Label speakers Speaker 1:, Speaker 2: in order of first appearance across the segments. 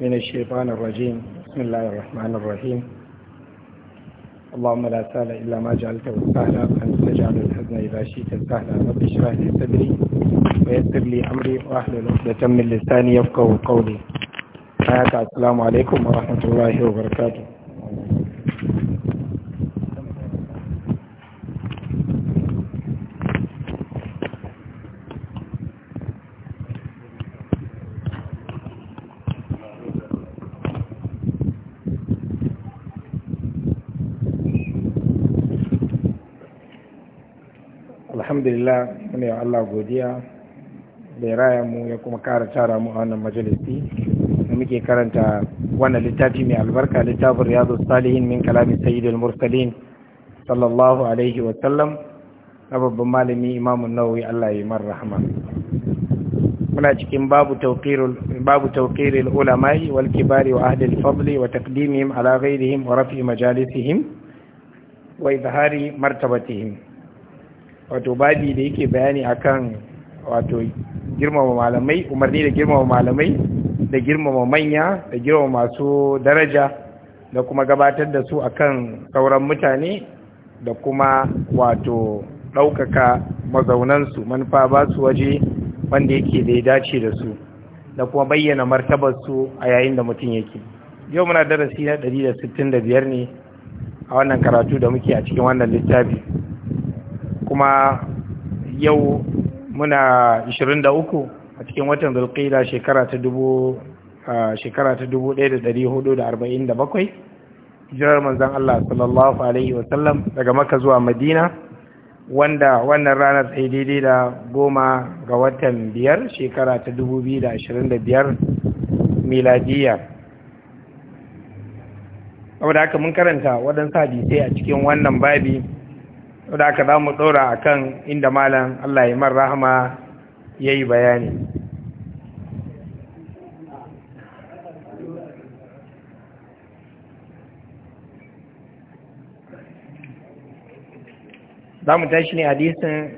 Speaker 1: من الشيطان الرجيم بسم الله الرحمن الرحيم اللهم لا سهل إلا ما جعلته سهلا أن تجعل الحزن إذا شئت سهلا رب اشرح لي صدري ويسر لي أمري وأحلل عقدة من لساني يفقه قولي السلام عليكم ورحمة الله وبركاته alhamdulillah mune Allah godiya da raya mu ya kuma kara tara mu a wannan majalisi da muke karanta wannan littafi mai albarka littafin riyadu salihin min kalami sayyidul mursalin sallallahu alaihi wa sallam na babban malami imamun nawawi Allah ya mar rahama muna cikin babu tawqirul babu tawqirul ulama'i wal kibari wa ahli al-fadli wa taqdimihim ala ghayrihim wa raf'i majalisihim wa izhari martabatihim wato babi da yake bayani akan wato girmama malamai umarni da girmama malamai da girmama manya da girmama masu daraja da kuma gabatar da su akan sauran mutane da kuma wato ɗaukaka mazaunansu manufa ba su waje wanda yake da ya dace da su da kuma bayyana martabarsu a yayin da mutum yake yau muna darasi na 165 ne a wannan karatu da muke a cikin wannan littafi kuma yau muna 23 a cikin watan zulkida shekara ta dubu shekara ta 1447 jirar manzan Allah sallallahu alaihi wasallam daga maka zuwa Madina wanda wannan ranar sai daidai da goma ga watan biyar shekara ta 2025 miladiya da haka mun karanta waɗansu hadisai a cikin wannan babi da aka za mu ɗora a kan inda malam Allah ya mar rahama ya yi bayani za mu tashi ne hadisin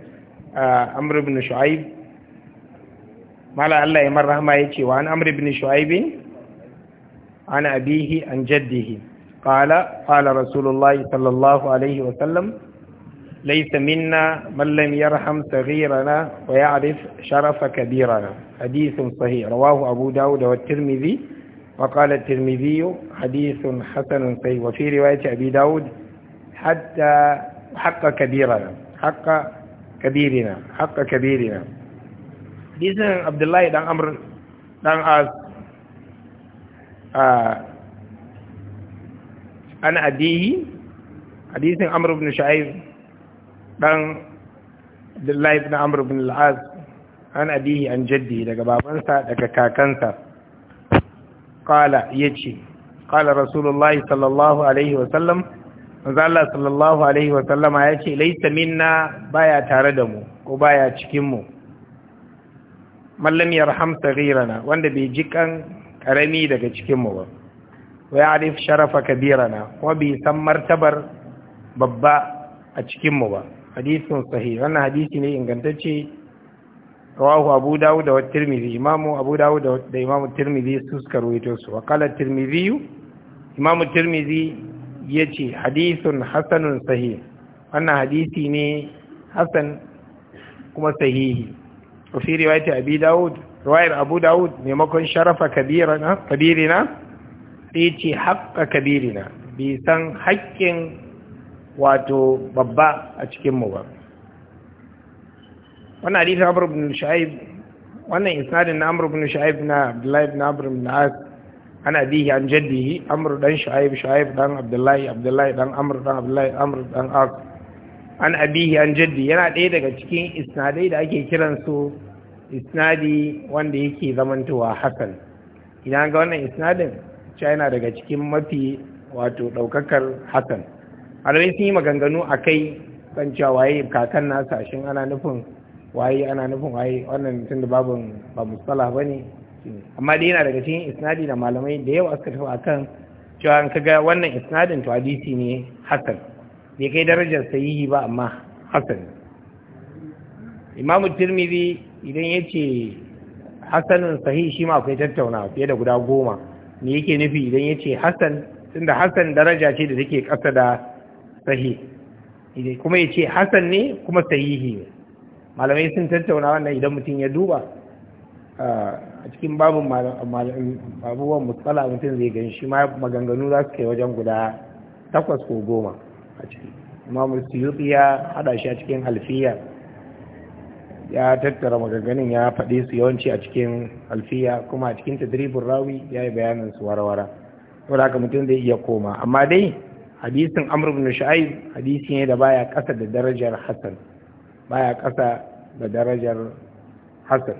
Speaker 1: amr ibn shu'aib malam Allah ya mar rahama ya ce wa an amr ibn shu'aibin an abihi an jaddihi قال قال رسول الله صلى الله عليه وسلم ليس منا من لم يرحم صغيرنا ويعرف شرف كبيرنا حديث صحيح رواه أبو داود والترمذي وقال الترمذي حديث حسن صحيح وفي رواية أبي داود حتى حق كبيرنا حق كبيرنا حق كبيرنا حديث عبد الله دان أمر دان أز آه أنا أديه حديث عمرو بن شعيب dan Abdullahi ibn Amr ibn al-As an abihi an jaddi daga babansa daga kakansa qala yace qala rasulullahi sallallahu alaihi wa sallam manzo Allah sallallahu alaihi wa sallama yace laysa minna baya tare da mu ko baya cikin mu mallam yarham saghirana wanda bai jikan karami daga cikin mu ba wa ya'rif sharafa kabirana wa bi san martabar babba a cikin mu ba hadisin sahih wannan hadisi ne ingantacce rawahu abu dawud da tirmidhi imamu abu dawud da imamu tirmidhi su suka rawaito su wa qala tirmidhi imamu tirmidhi yace hadisun hasanun sahih wannan hadisi ne hasan kuma sahihi wa fi riwayati abi dawud riwayar abu dawud maimakon sharafa kabirina kabirina sai ce haqqa kabirina bi san haƙƙin wato babba a cikinmu ba wannan hadisi amr ibn shaib wannan isnadin na amr ibn shu'aib na abdullahi ibn amr ibn as ana bihi an jaddihi amr dan shu'aib shu'aib dan abdullahi abdullahi dan amr dan abdullahi amr dan as an abihi an jaddi yana ɗaya daga cikin isnadai da ake kiran su isnadi wanda yake zamantowa hasan idan ga wannan isnadin cewa yana daga cikin mafi wato ɗaukakar hasan alwai sun yi maganganu a kai kan cewa waye kakan nasa shin ana nufin waye ana nufin waye wannan tun da babu ba musala ba ne amma dai yana daga cikin isnadi da malamai da yawa suka tafi akan cewa an kaga wannan isnadin to hadisi ne hasan bai kai darajar sahihi ba amma hasan imamu tirmidhi idan ya ce hasanin sahihi shi ma akwai tattauna fiye da guda goma me yake nufi idan ya ce hasan tunda hasan daraja ce da take ƙasa da idan kuma ya ce hasan ne kuma sahihi ne malamai sun tattauna wannan idan mutum ya duba a cikin babin babuwan mutsala mutum zai gan shi ma maganganu za su kai wajen guda takwas ko goma a ciki imamu suyuti ya hada shi a cikin alfiya ya tattara maganganun ya faɗi su yawanci a cikin alfiya kuma a cikin tadribin rawi ya yi bayanin su warwara da haka mutum zai iya koma amma dai hadisin amr ibn shu'aib hadisi ne da baya kasa da darajar hasan baya kasa da darajar hasan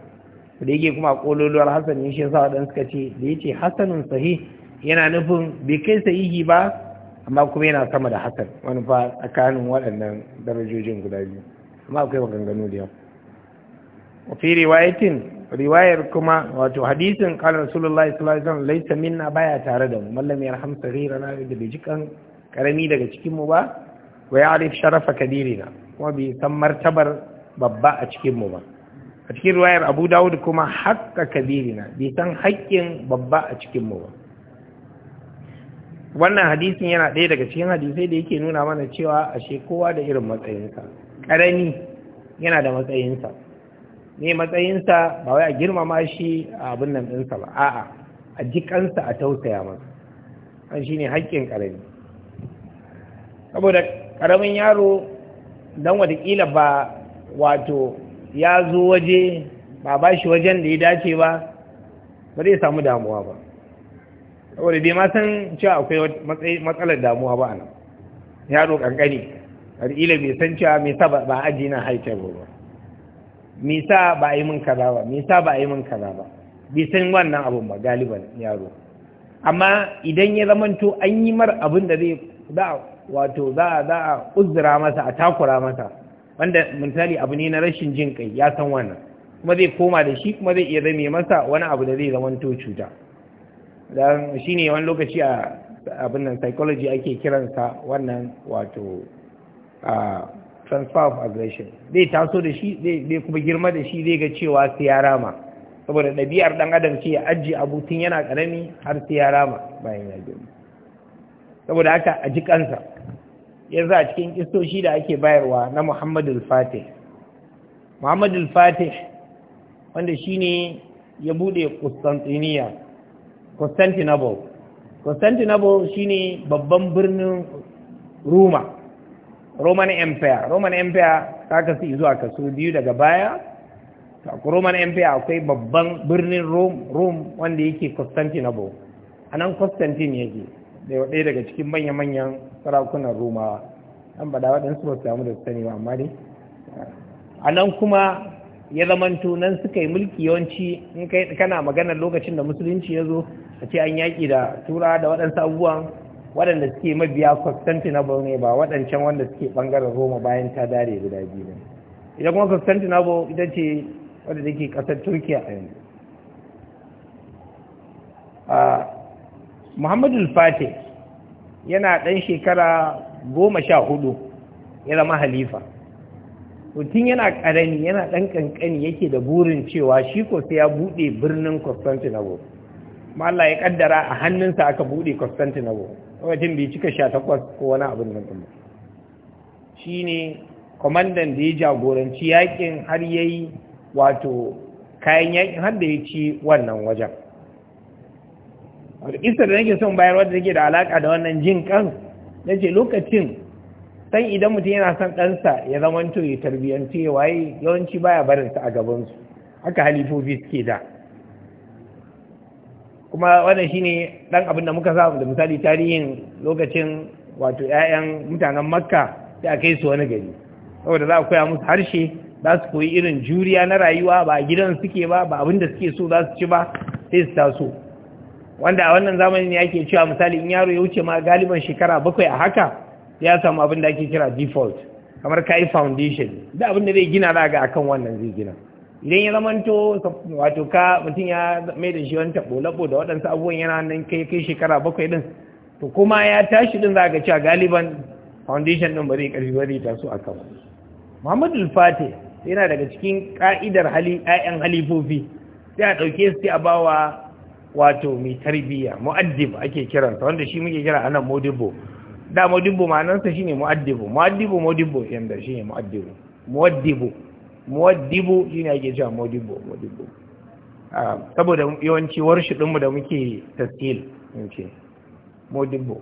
Speaker 1: da yake kuma kololuwar hasan ne shi yasa wadan suka ce da yace hasanun sahih yana nufin bai kai sahihi ba amma kuma yana sama da hasan wani fa tsakanin waɗannan darajojin guda biyu amma akwai maganganu da yawa fi riwayatin riwayar kuma wato hadisin qala rasulullahi sallallahu alaihi wasallam laysa minna baya tare da mu mallam yarham saghirana da bijikan karami daga cikinmu ba wa ya arif sharafa kabirina kuma bai san martabar babba a cikinmu ba a cikin ruwayar abu dawud kuma haƙƙa kabirina bai san haƙƙin babba a cikinmu ba wannan hadisin yana ɗaya daga cikin hadisai da yake nuna mana cewa ashe kowa da irin matsayinsa ƙarami yana da matsayinsa ne matsayinsa ba wai a girmama shi a abin nan ɗinsa ba a'a a jikansa a tausaya masa an shine haƙƙin ƙarami saboda karamin yaro don watakila ba wato ya zo waje ba ba shi wajen da ya dace ba ba zai samu damuwa ba saboda bai ma cewa akwai matsalar damuwa ba nan yaro kankani watakila bai san cewa me sa ba aji na haita ba me sa ba a yi min kaza ba me sa ba a yi min kaza ba bai san wannan abun ba galiban yaro amma idan ya zamanto an yi mar abin da zai wato za a uzura masa a takura masa wanda misali abu ne na rashin jin kai ya san wannan kuma zai koma da shi kuma zai iya zame masa wani abu da zai zama to cuta dan shine wani lokaci a abin nan psychology ake kiransa wannan wato a transfer of aggression zai taso da shi zai kuma girma da shi zai ga cewa sai ya rama saboda ɗabi'ar ɗan adam ce ya ajiye abu yana ƙarami har sai ya rama bayan ya girma saboda haka a ji kansa yanzu a cikin kistoshi da ake bayarwa na al fatih al fatih wanda shi ne ya bude Constantinople Constantinople Constantinople ne babban birnin Roma Roman Empire Roman Empire ta kasu zuwa kasu biyu daga baya Roman Empire akwai babban birnin Rome Rome wanda yake Constantinople anan Constantine yake da ɗaya daga cikin manya-manyan sarakunan romawa an bada waɗansu ba samu da sani ba amma dai a nan kuma ya zamanto nan suka yi mulki yawanci in kai kana magana lokacin da musulunci ya zo a ce an yaƙi da tura da waɗansu abubuwan waɗanda suke mabiya constantinople ne ba waɗancan wanda suke ɓangaren roma bayan ta dare guda biyu ne idan kuma constantinople ita ce wadda take ƙasar turkiya a yanzu ah, muhammadu fatih yana ɗan shekara goma sha hudu ya zama halifa mutum yana ƙarami yana ɗan ƙanƙani yake da burin cewa shi ko sai ya buɗe birnin constantinople kuma ya ƙaddara a hannunsa aka buɗe constantinople lokacin bai cika sha takwas ko wani abin nan ɗin shi ne kwamandan da ya jagoranci yakin har ya yi wato kayan yakin har da ya ci wannan wajen isar da nake son bayar wadda take da alaka da wannan jin kan na ce lokacin san idan mutum yana son ɗansa ya zama zamanto ya tarbiyyantu ya waye yawanci baya barinsa a gabansu haka halifofi suke da kuma wannan shine ɗan abin da muka samu da misali tarihin lokacin wato 'ya'yan mutanen makka da aka yi su wani gari saboda za a koya musu harshe za su koyi irin juriya na rayuwa ba a gidan suke ba ba abin da suke so za su ci ba sai su taso wanda a wannan zamani ne ake cewa misali in yaro ya wuce ma galiban shekara bakwai a haka ya samu abin da ake kira default kamar kai yi foundation da abin da zai gina za ga akan wannan zai gina idan ya to wato ka mutum ya mai da shi wani tabo da waɗansu abubuwan yana nan kai kai shekara bakwai din to kuma ya tashi din za ga cewa galiban foundation din ba zai karfi ba zai taso akan muhammadu fati yana daga cikin ka'idar hali 'ya'yan halifofi sai a ɗauke su sai a bawa wato mai tarbiyya mu'addib ake kiransa wanda shi muke kira anan modibo da modibo ma'anarsa shine mu'addibu mu'addibu modibo yanda shine mu'addibu mu'addibu mu'addibu shine ake cewa modibo modibo ah, saboda yawanci warshi dinmu da muke tasdil muke modibo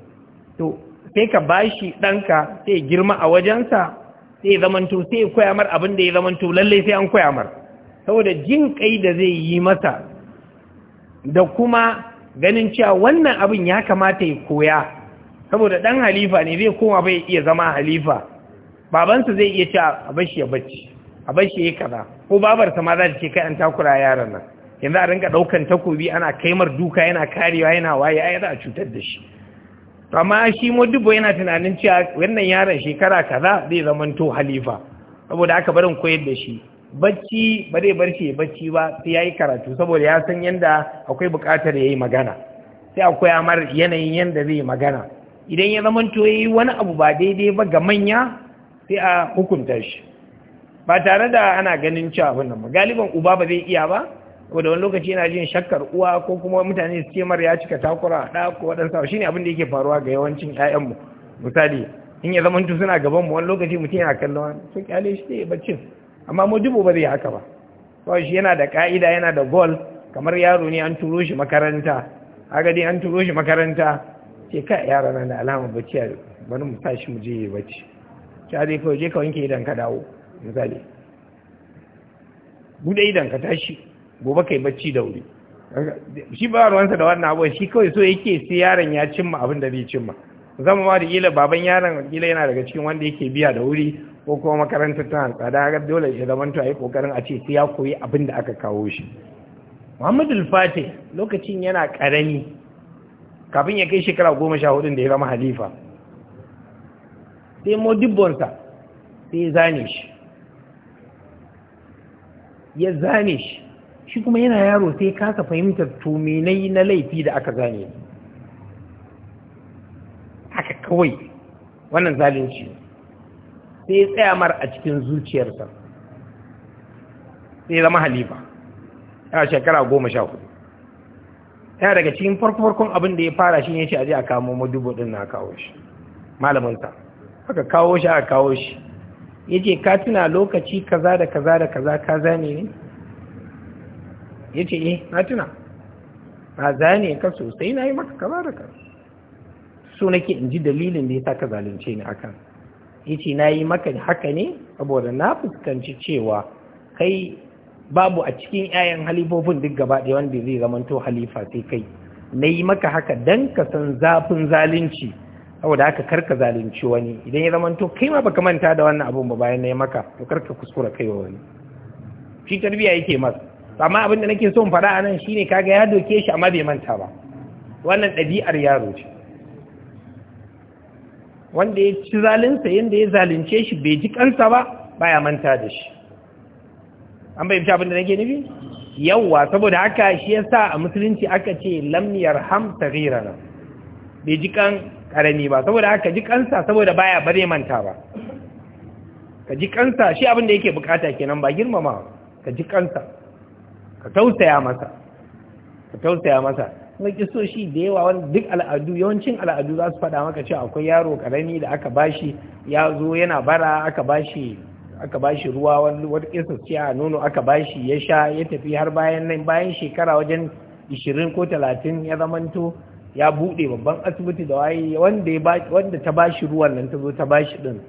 Speaker 1: to sai ka bashi ɗanka sai girma a wajensa sai zamanto sai koya mar abin da ya zamanto lallai sai an koya mar saboda jin kai da zai yi masa da kuma ganin cewa wannan abin ya kamata ya koya saboda ɗan halifa ne zai koma bai iya zama halifa babansa zai iya ce a bashi ya bacci a bashi ya kaza ko babarsa ma za ta ce kai an takura yaran nan yanzu a rinka ɗaukan takobi ana kaimar duka yana karewa yana waye ai za a cutar da shi to amma shi modibo yana tunanin cewa wannan yaron shekara kaza zai zamanto halifa saboda aka barin koyar da shi bacci ba zai bar shi bacci ba sai ya yi karatu saboda ya san yadda akwai buƙatar ya yi magana sai akwai amar yanayin yadda zai magana idan ya zama to yi wani abu ba daidai ba ga manya sai a hukunta shi ba tare da ana ganin cewa abin nan ba galiban uba ba zai iya ba ko da wani lokaci yana jin shakkar uwa ko kuma mutane su ce mar ya cika takura da ko waɗansa shine abin da yake faruwa ga yawancin ƴaƴanmu misali in ya zama suna gaban mu wani lokaci mutum yana kallon wani sun kyale shi sai baccin amma mujibu ba zai haka ba kawai shi yana da ka'ida yana da gol. kamar yaro ne an turo shi makaranta agadi an turo shi makaranta ce ka yara nan da alama bacci bari mu tashi mu je yi bacci ta zai kawai je ka wanke idan ka dawo misali bude idan ka tashi gobe kai bacci da wuri shi ba ruwansa da wannan abuwa shi kawai so yake sai yaron ya cimma abin da zai cimma zama ma da ila baban yaron ila yana daga cikin wanda yake biya da wuri ko kuma makarantar ta tsada ga dole shi zaman to a yi kokarin a ce sai ya koyi abin da aka kawo shi muhammadu fati lokacin yana karami kafin ya kai shekara goma sha hudun da ya zama halifa sai modibbonsa sai ya zane shi ya zane shi shi kuma yana yaro sai kasa fahimtar tuminai na laifi da aka zane haka kawai wannan zalunci sai tsaya mar a cikin zuciyarsa sai zama halifa ya shekara goma sha hudu ya daga cikin farko-farkon abin da ya fara shi ne shi aje a kamo madubo din na kawo shi malaminta aka kawo shi aka kawo shi ya ce ka tuna lokaci kaza da kaza da kaza ka zane ne ya ce eh na tuna na zane ka sosai na yi maka kaza da kaza su nake in ji dalilin da ya sa ka zalunce ni akan yace na yi maka haka ne saboda na fuskanci cewa kai babu a cikin 'ya'yan halifofin duk gaba ɗaya wanda zai zamanto halifa sai kai na yi maka haka dan ka san zafin zalunci saboda haka karka zalunci wani idan ya zamanto kai ma baka manta da wannan abun ba bayan na yi maka to karka kuskura kai wa wani shi tarbiya yake masa amma abin da nake so in faɗa a nan shine kaga ya doke shi amma bai manta ba wannan ɗabi'ar yaro ce wanda ya ci zalinsa yadda ya zalunce shi bai ji kansa ba baya manta da shi an bai abin da nake nufi yawwa saboda haka shi ya sa a musulunci aka ce lamniyar ham nan bai ji kan karami ba saboda haka ji kansa saboda baya bare manta ba ka ji kansa shi abin da yake bukata kenan ba girmama ka ji kansa ka tausaya masa ka tausaya masa kuma shi da yawa wani duk al'adu yawancin al'adu za su faɗa maka cewa akwai yaro karami da aka bashi ya zo yana bara aka bashi aka bashi ruwa wani wata a nono aka bashi ya sha ya tafi har bayan nan bayan shekara wajen ishirin ko talatin ya zamanto ya buɗe babban asibiti da waye wanda ta bashi ruwan nan ta zo ta bashi ɗin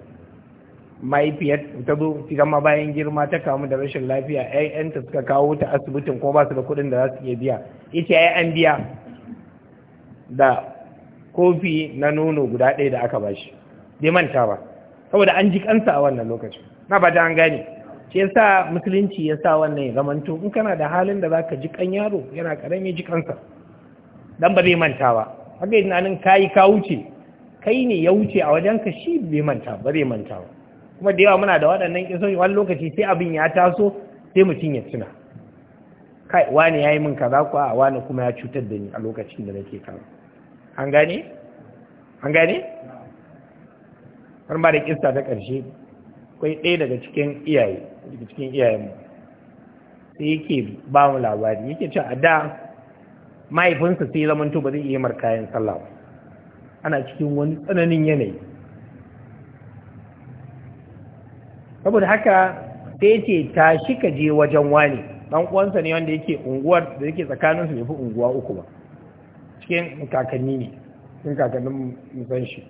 Speaker 1: mahaifiyar ta zo zama bayan girma ta kamu da rashin lafiya yayanta suka kawo ta asibitin kuma ba su da kuɗin da za su iya biya ita ya yi an biya da kofi na nono guda ɗaya da aka bashi bai manta ba saboda an ji kansa a wannan lokacin na ba an gane ce sa musulunci ya sa wannan ya zamanto in kana da halin da zaka ji kan yaro yana karami ji kansa dan ba zai manta ba haka tunanin ka kayi ka wuce kai ne ya wuce a wajenka shi bai manta ba zai manta ba kuma da yawa muna da waɗannan ƙisoyi wani lokaci sai abin ya taso sai mutum ya tuna kai wani ya yi min kaza ko a wani kuma ya cutar da ni a lokacin da nake kaza an gane an gane har ba da kista ta ƙarshe akwai ɗaya daga cikin iyaye daga cikin iyayenmu sai yake ba mu labari yake cewa a da mahaifinsa sai zamanto ba zai iya mar kayan sallah ana cikin wani tsananin yanayi saboda haka sai ce shi ka je wajen wani Ɗan uwansa ne wanda yake unguwar da yake tsakanin su bai unguwa uku ba cikin kakanni ne cikin kakannin musan shi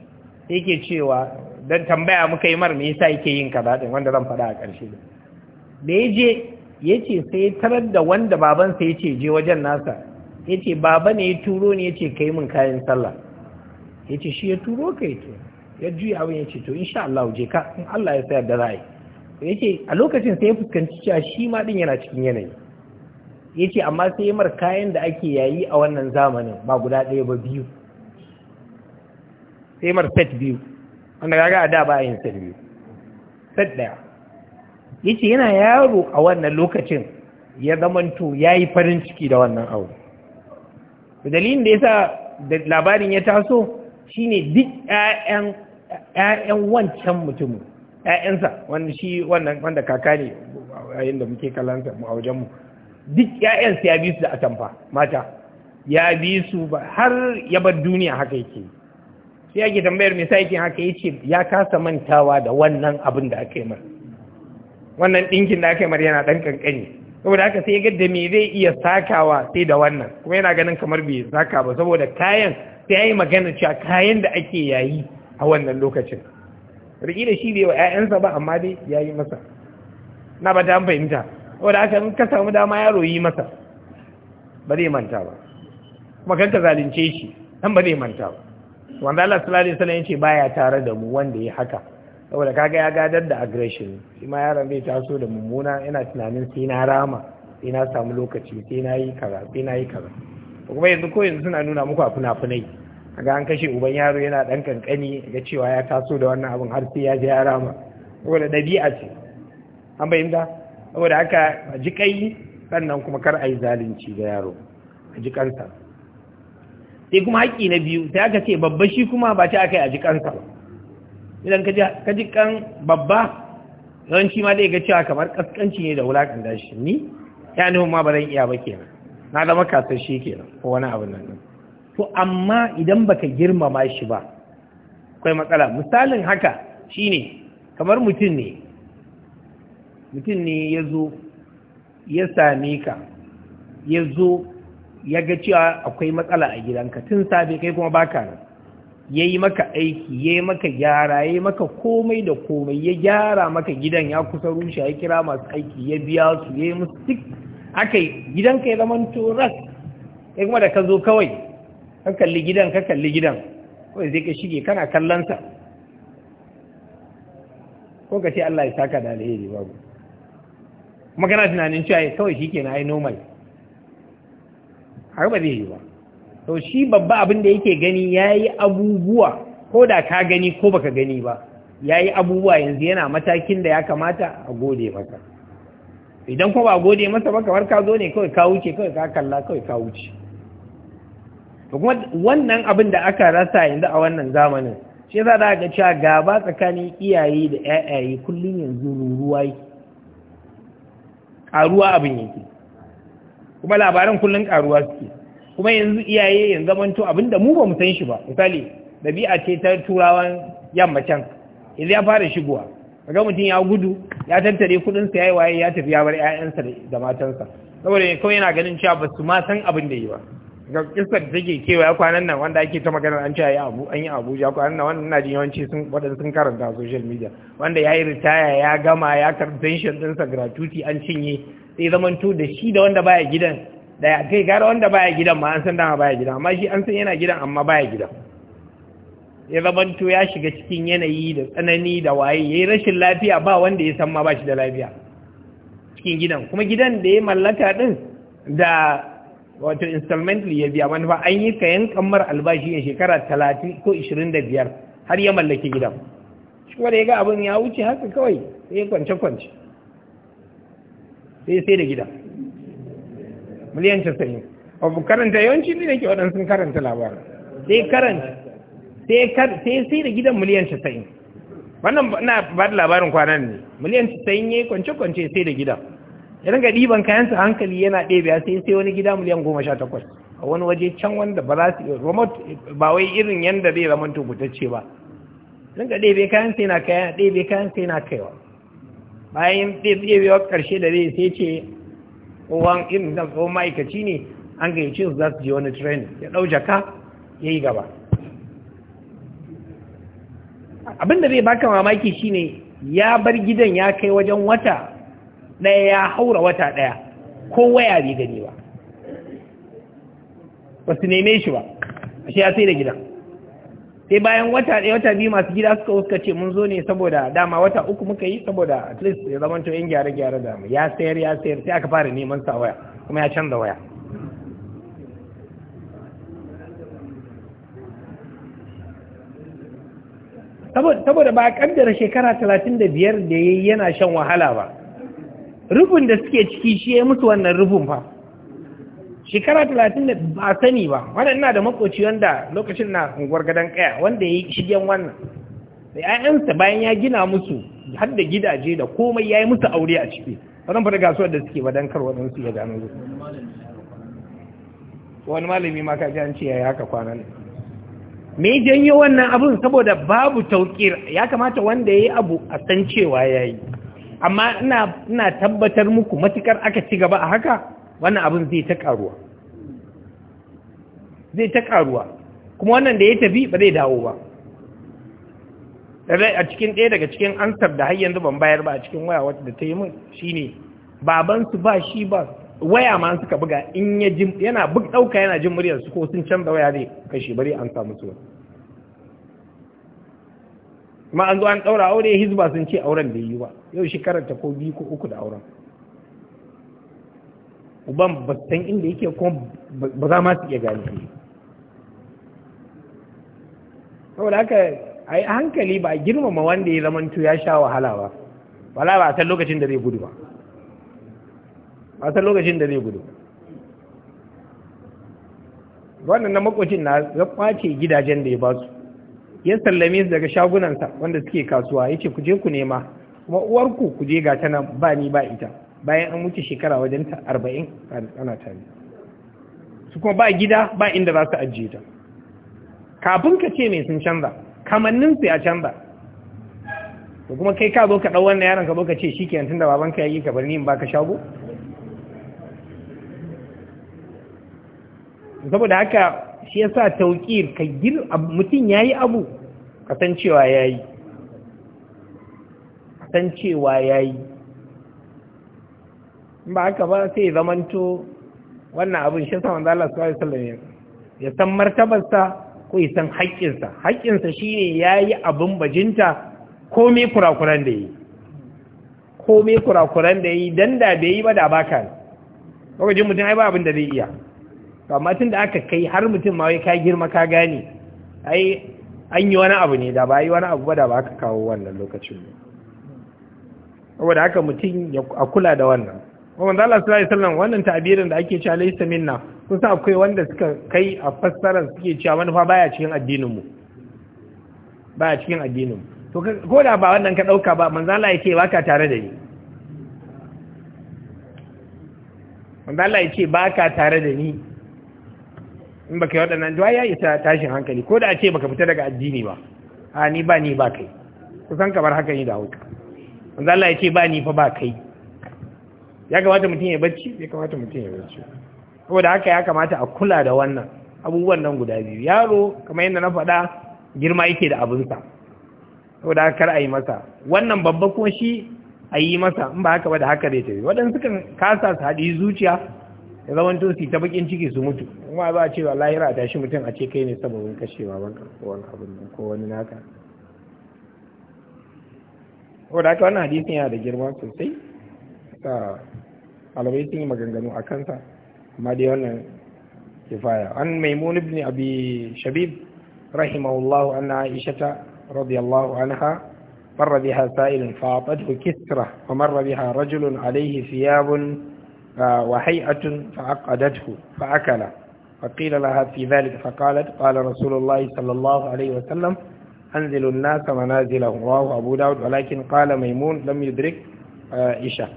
Speaker 1: yake cewa dan tambaya muka yi mar me yasa yake yin kaza din wanda zan faɗa a ƙarshe da ya je ya ce sai ya tarar da wanda babansa ce je wajen nasa Ya ce baba ne ya turo ne ya ce ka yi min kayan sallah Ya ce shi ya turo ka ya to ya juya abin ya ce to insha Allah je ka in Allah ya sayar da ra'ayi yace a lokacin sai ya fuskanci cewa shi ma yana cikin yanayi yace amma sai mar kayan da ake yayi a wannan zamanin ba guda ɗaya ba biyu sai mar set biyu wanda kaga a da ba yin set biyu set ɗaya yace yana yaro a wannan lokacin ya zamanto yi farin ciki da wannan abu dalilin da yasa da labarin ya taso shine duk 'ya'yan wancan mutumin Ya'yansa wanda shi wannan wanda kaka ne yayin da muke kalansa mu a wajen mu duk ya'yansa ya bi su da atamfa mata ya bi su har ya bar duniya haka yake sai yake tambayar mai sa yake haka yace ya kasa mantawa da wannan abin da aka yi mar wannan dinkin da aka yi mar yana ɗan kankani saboda haka sai ga da me zai iya sakawa sai da wannan kuma yana ganin kamar bai saka ba saboda kayan sai yayi magana cewa kayan da ake yayi a wannan lokacin da shi bai wa 'ya'yansa ba amma dai ya yi masa na ba ta fahimta wadda aka ka samu dama yaro yi masa ba zai manta ba kuma kan ka zalunce shi dan ba zai manta ba wanda Allah sallallahu alaihi wasallam yace baya tare da mu wanda ya haka saboda kaga ya gadar da aggression shi ma yaron bai taso da mummuna yana tunanin sai na rama sai na samu lokaci sai na yi kaza sai na yi kaza kuma yanzu ko yanzu suna nuna muku a fina-finai ga an kashe uban yaro yana ɗan kankani ga cewa ya taso da wannan abin har sai ya je ya rama saboda ɗabi'a ce an fahimta saboda haka a ji kai sannan kuma kar a yi zalunci ga yaro a ji kansa sai kuma haƙƙi na biyu sai aka ce babba shi kuma ba ta aka yi a ji kansa ba idan ka ji kan babba yawanci ma dai ga cewa kamar kaskanci ne da wulakan dashi ni ya nufin ma ba zan iya ba kenan na zama kasar shi kenan ko wani abin nan to amma idan baka girmama shi ba akwai matsala misalin haka shine kamar mutum ne mutum ne ya zo ya same ka ya zo ya ga cewa akwai matsala a gidanka tun safe kai kuma baka nan ya yi maka aiki ya yi maka gyara ya yi maka komai da komai ya gyara maka gidan ya kusa rushe ya kira masu aiki ya biya su ya yi musu aka yi gidanka ya zama ras ya kuma da ka zo kawai ka kalli gidan ka kalli gidan kawai sai ka shige kana kallonsa ko ka ce Allah ya saka da alheri babu kuma kana tunanin cewa eh, kawai shi ke na ai normal har ba zai yi ba to shi babba abin da yake gani ya yi abubuwa ko da ka gani ko baka gani ba ya yi abubuwa yanzu yana matakin da ya kamata a gode maka idan kuma ba a gode masa ba kamar ka zo ne kawai ka wuce kawai ka kalla kawai ka wuce to kuma wannan abin da aka rasa yanzu a wannan zamanin shi yasa da ga cewa gaba tsakanin iyaye da ƴaƴaye kullum yanzu ruruwa yi ƙaruwa abin yake kuma labaran kullum ƙaruwa suke kuma yanzu iyaye yanzu zamanto abin da mu ba mu san shi ba misali dabi'a ce ta turawan yammacin yanzu ya fara shigowa kaga mutum ya gudu ya tattare kuɗinsa sa yayi waye ya tafi ya bar ƴaƴansa da matansa saboda kawai yana ganin cewa ba su ma san abin da yi ba ga kisar da take kewaya kwanan nan wanda ake ta maganar an ce ayi abu an yi abuja kwanan nan wannan na jin yawanci sun wadanda sun karanta social media wanda ya yi ritaya ya gama ya karɓi pension ɗinsa gratuity an cinye sai zaman to da shi da wanda baya gidan da ya kai gara wanda baya gidan ma an san dama baya gidan amma shi an san yana gidan amma baya gidan ya zaman to ya shiga cikin yanayi da tsanani da waye yayi rashin lafiya ba wanda ya san ma ba shi da lafiya cikin gidan kuma gidan da ya mallaka din da wato installment ya biya wani ba an yi ka yan kammar albashi a shekara talatin ko ishirin da biyar har ya mallaki gidan shi kuma da ya ga abin ya wuce haka kawai sai ya kwance kwance sai sai da gidan miliyan casa'in abu karanta yawanci ne da ke waɗansu karanta labarin sai karanta sai sai da gidan miliyan casa'in wannan na ba da labarin kwanan ne miliyan casa'in ya yi kwance kwance sai da gidan ya ringa ɗiban kayansa hankali yana ɗebe sai sai wani gida miliyan goma sha takwas a wani waje can wanda ba za su remote ba wai irin yadda zai zama tubutacce ba ringa ɗebe kayan sai na kaya ɗebe kayan sai na kaiwa bayan ɗebewa ƙarshe da zai sai ce kowan irin na tsohon ma'aikaci ne an gayyace su za su je wani training ya ɗau jaka ya yi gaba abin da zai baka mamaki shine ya bar gidan ya kai wajen wata na ya haura wata ɗaya ko waya bai gani ba ba su neme shi ba ashe ya sai da gidan sai bayan wata ɗaya wata biyu masu gida suka suka ce mun zo ne saboda dama wata uku muka yi saboda at least ya zama to yan gyare gyare da ya sayar ya sayar sai aka fara neman sa waya kuma ya canza waya saboda ba kaddara shekara talatin da biyar da ya yi yana shan wahala ba rufin da suke ciki shi ya mutu wannan rufin fa shekara talatin da ba sani ba wannan na da makoci wanda lokacin na unguwar gadon kaya wanda ya yi shigen wannan da ‘ya'yansa bayan ya gina musu har da gidaje da komai ya yi musu aure a ciki wannan fara gasuwar da suke don kar waɗansu ya gano su wani malami ma ka ce ya yi haka ne. me janyo wannan abin saboda babu tauƙir ya kamata wanda ya yi abu a san cewa ya yi amma ina tabbatar muku matukar aka ci gaba a haka wannan abin zai ta karuwa zai ta karuwa kuma wannan da ya tafi ba zai dawo ba a cikin ɗaya daga cikin ansar da har yanzu ban bayar ba a cikin waya wata da ta yi min shine baban su ba shi ba waya ma suka buga in ya yana buk dauka yana jin muryar su ko sun canza waya ne kashi bari an samu su wani Kuma an zo an ɗaura aure hizba sun ce auren bai yi ba yau shi karanta ko biyu ko uku da auren uban ba san inda yake ko ba za ma su iya gane Sau saboda haka a yi hankali ba a girmama wanda ya zama ya sha wahala ba wala ba a san lokacin da zai gudu ba ba a san lokacin da zai gudu wannan na makocin na ya kwace gidajen da ya ba su ya sallame su daga shagunansa wanda suke kasuwa ya ce ku je ku nema kuma uwarku ku je ga tana ba ni ba ita bayan an wuce shekara wajen ta arba'in ana tare su kuma ba gida ba inda za su ajiye ta kafin ka ce mai sun canza kamannin su ya canza da kuma kai ka zo ka ɗau wannan yaron ka zo ka ce shi kenan tunda babanka ya yi ka bar ni in baka shago saboda haka shi yasa tauƙir ka gir mutum yayi abu kasancewa ya yi kasancewa ya yi ba haka ba sai zamanto wannan abin shi sa wanda Allah sallallahu alaihi wasallam ya san martabarsa ko ya san haƙƙinsa haƙƙinsa shine yayi abin bajinta komai kurakuran da yi komai kurakuran da yi dan da bai yi ba da baka lokacin mutum ai ba abin da zai iya amma tun da aka kai har mutum ma wai ka girma ka gane ai an yi wani abu ne da ba yi wani abu ba da ba aka kawo wannan lokacin ne wadda haka mutum a kula da wannan wadda manzo Allah sallallahu alaihi wasallam wannan ta'birin da ake cewa laysa minna kun san akwai wanda suka kai a fassara suke cewa manufa baya cikin addinin mu baya cikin addinin mu to ko da ba wannan ka dauka ba manzo Allah yake baka tare da ni manzo Allah yake baka tare da ni in baka yi waɗannan duwa ya isa tashin hankali ko da a ce baka fita daga addini ba a ni ba ni ba kai kusan kamar haka ni da hauka wanda Allah ya ce ba ni fa ba kai ya kamata mutum ya bacci ya kamata mutum ya bacci da haka ya kamata a kula da wannan abubuwan nan guda biyu yaro kamar yadda na faɗa girma yake da abinsa ko haka kar a yi masa wannan babba ko shi a yi masa in ba haka ba da haka zai tafi waɗansu kan kasa su haɗi zuciya ya zaman tosi ta bakin ciki su mutu kuma za a ce wa lahira a tashi mutum a ce kai ne saboda kashewa banka ko wani abin ko wani naka ko da haka wannan hadisin yana da girma sosai ta alabai sun yi maganganu a kansa amma dai wannan kifaya an maimun ibn abi shabib rahimahullahu anna aisha radiyallahu anha مر بها سائل فأعطته كسرة ومر بها رجل عليه ثياب وهيئة فعقدته فأكل فقيل لها في ذلك فقالت قال رسول الله صلى الله عليه وسلم أنزل الناس منازلهم رواه أبو داود ولكن قال ميمون لم يدرك عائشة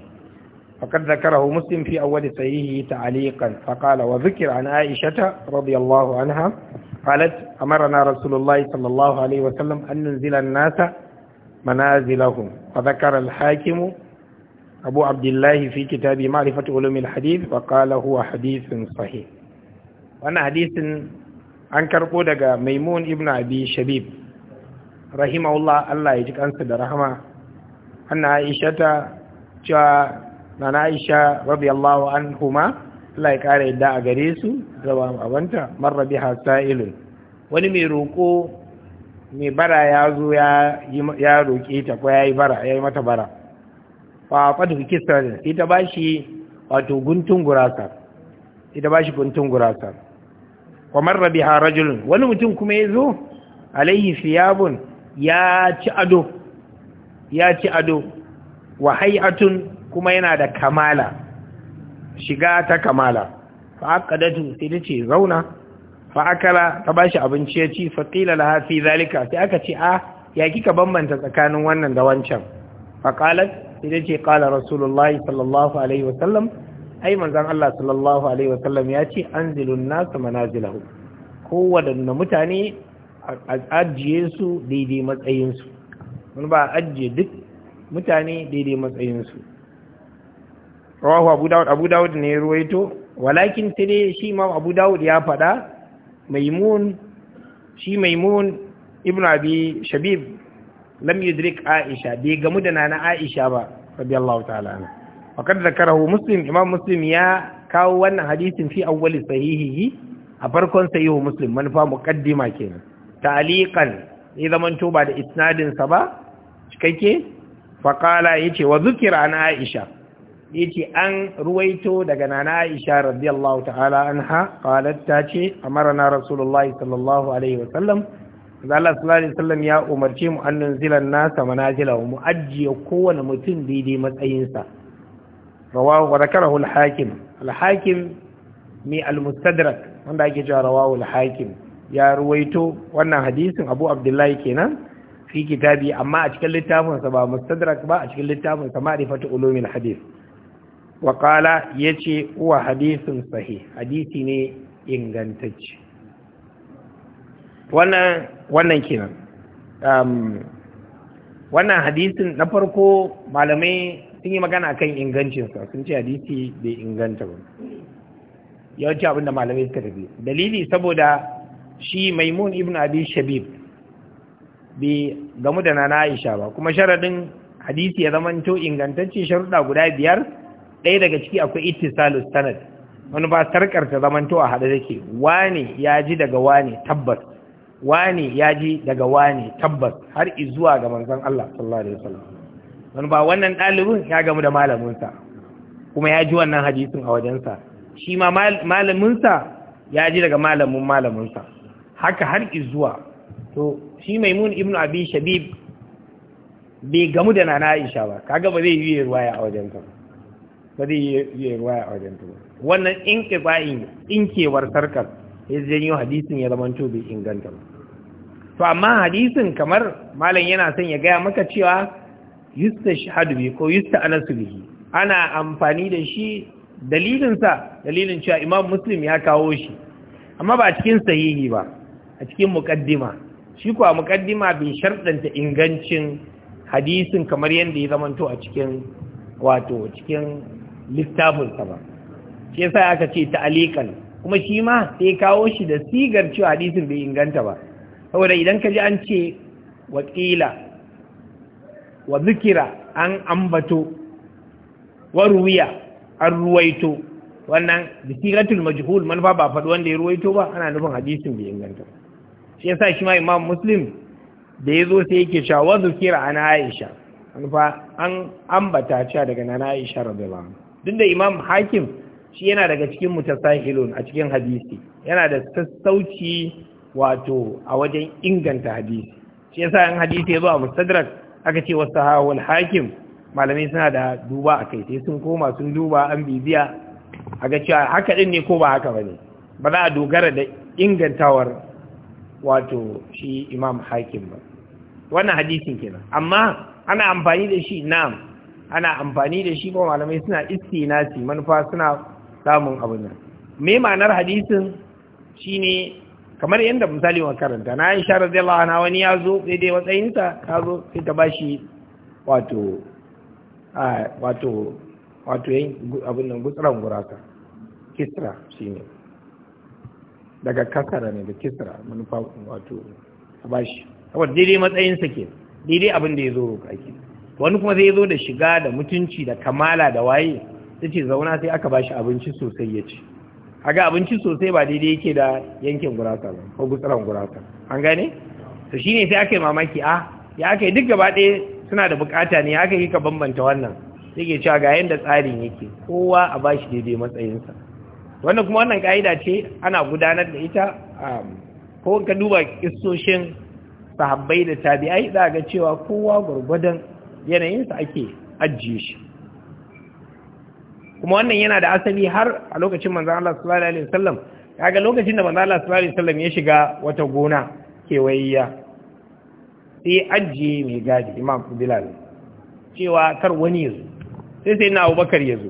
Speaker 1: فقد ذكره مسلم في أول سيره تعليقا فقال وذكر عن عائشة رضي الله عنها قالت أمرنا رسول الله صلى الله عليه وسلم أن ننزل الناس منازلهم وذكر الحاكم أبو عبد الله في كتاب معرفة علوم الحديث وقال هو حديث صحيح وأنا an karɓo daga maimun ibn abi shabib rahimahullah Allah ya ji kansa da rahama anna aisha ta cewa nana aisha radiyallahu anhuma Allah ya kare yadda a gare su zaba abanta marra biha sa'ilun wani mai roƙo mai bara ya zo ya roƙe ta ko ya ya yi mata bara wa fatu kisra ita ba wato guntun gurasa ita ba guntun gurasa kamar Rabi rajulun wani mutum kuma ya zo alaihi siyabun ya ci ado ya ci ado wa hay'atun kuma yana da kamala shiga ta kamala fa aqadatu sai ta ce zauna fa akala ta bashi abinci ya ci fa qila laha fi zalika sai aka ce a ah, ya kika bambanta tsakanin wannan da wancan fa sai ce kala rasulullahi sallallahu alaihi wa sallam. ai manzon Allah sallallahu alaihi wa sallam ya ce anzilun nasu manazilahu kowadanne mutane a ajiye su daidai matsayinsu wani ba a ajiye duk mutane daidai matsayinsu rawahu abu dawud abu dawud ne ruwaito walakin sai dai shi ma abu dawud ya faɗa maimun shi maimun ibn abi shabib lam yudrik aisha bai gamu da nana aisha ba radiyallahu ta'ala anha wa kad zakarahu muslim imam muslim ya kawo wannan hadisin fi awwali sahihihi a farkon sahihu muslim manufa muqaddima kenan ta'liqan ya zamanto ba da isnadinsa sa ba cikakke fa qala yace wa zukira an aisha yace an ruwaito daga nana aisha radiyallahu ta'ala anha qalat ta ce amarna rasulullahi sallallahu alaihi wa sallam da Allah sallallahu alaihi wasallam ya umarce mu an nunzilan nasa manazila mu ajiye kowane mutum daidai matsayinsa rawahu wa dhakarahu al-hakim al-hakim mi al-mustadrak wanda ake cewa rawahu al-hakim ya ruwaito wannan hadisin Abu Abdullahi kenan fi kitabi amma a cikin littafin sa ba mustadrak ba a cikin littafin sa ma'rifatu ulumil hadith wa qala yace huwa hadisin sahih hadisi ne ingantacce wannan wannan kenan um, wannan hadisin na farko malamai sun yi magana kan ingancinsa sun ce hadisi bai inganta ba yawanci abin da malamai suka tafi dalili saboda shi maimun ibn abi shabib bai gamu da na aisha ba kuma sharadin hadisi ya zamanto ingantacce sharuɗa guda biyar ɗaya daga ciki akwai ittisalus sanad wani ba sarkar ta zamanto a haɗe take wane ya ji daga wane tabbas Wani ya ji daga wani tabbas har izuwa ga manzon Allah sallallahu alaihi wasallam wani ba wannan dalibin ya gamu da malaminsa kuma ya ji wannan hadisin a wajensa shi ma malaminsa ya ji daga malamin malaminsa haka har izuwa to shi maimun ibnu abi shabib bai gamu da nana aisha ba kaga ba zai yi ruwaya a wajensa ba zai yi ruwaya a wajensa ba wannan in keba'in in kewar sarkar ya janyo hadisin ya zama bai inganta ba to amma hadisin kamar malam yana son ya gaya maka cewa yusta shahadu bi ko yusta anasu bihi ana amfani da shi dalilinsa dalilin cewa imam muslim ya kawo shi amma ba cikin sahihi ba a cikin muƙaddima shi kuwa muƙaddima bai sharɗanta ingancin hadisin kamar yadda ya zamanto a cikin wato cikin littafinsa ba shi yasa aka ce ta'alikan kuma shi ma sai kawo shi da sigar cewa hadisin bai inganta ba saboda idan ka ji an ce wakila wa zikira an ambato wa ruwiya an ruwaito wannan bisigatul majhul manufa ba faɗi wanda ya ruwaito ba ana nufin hadisin bai inganta shi yasa shi ma imam muslim da ya zo sai yake sha wa zikira an aisha manufa an ambata cewa daga nana aisha radiyallahu anha duk da imam hakim shi yana daga cikin mutasahilun a cikin hadisi yana da sassauci wato a wajen inganta hadisi shi yasa in hadisi ya zo a mustadrak aka ce wasu hawal hakim malamai suna da duba a kai sai sun koma sun duba an bibiya a ga cewa haka din ne ko ba haka ba ne ba za a dogara da ingantawar wato shi imam hakim ba wannan hadisin kenan amma ana amfani da shi na'am ana amfani da shi ba malamai suna istinasi manufa suna samun abin nan me ma'anar hadisin shine kamar yadda misali wa karanta na aisha radiyallahu anha wani ya zo daidai watsayinta ta zo sai ta bashi wato a wato wato yin abin nan gutsuran gurasa kisra shine daga kasara ne da kisra manufa wato ta bashi saboda daidai sa ke daidai abin da ya zo roƙa ke wani kuma zai zo da shiga da mutunci da kamala da waye ta ce zauna sai aka bashi abinci sosai ya ci ga abinci sosai ba daidai yake da yankin gurasa ba ko gurasa an gane to shine sai aka yi mamaki a ah, ya aka yi duk gaba ɗaya suna da bukata ne aka yi ka bambanta wannan sai ke cewa ga yanda tsarin yake kowa a bashi daidai matsayinsa wannan kuma wannan ka'ida ce ana gudanar da ita um, ko ka duba kissoshin sahabbai da tabi'ai za ga cewa kowa gwargwadon yanayinsa ake ajiye shi kuma wannan yana da asali har a lokacin manzon Allah sallallahu alaihi wasallam kaga lokacin da manzon Allah sallallahu alaihi wasallam ya shiga wata gona kewayya sai ajiye mai gadi imam bilal cewa kar wani ya zo. sai sai na abubakar zo.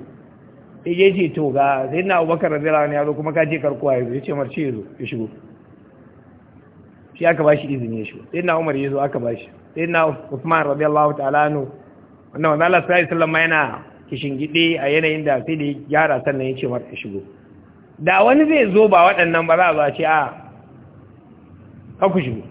Speaker 1: sai ya ce to ga sai na abubakar radiyallahu anhu yazo kuma ka je kar yazo ya zo, ya ce marci yazo ya shigo shi aka bashi izini ya shigo sai na umar ya zo, aka bashi sai na usman radiyallahu ta'ala anhu wannan manzon Allah sallallahu alaihi wasallam yana kishingide a yanayin da sai da ya gyara sannan ya ce mata shigo da wani zai zo ba waɗannan ba za a zo ce a haku shigo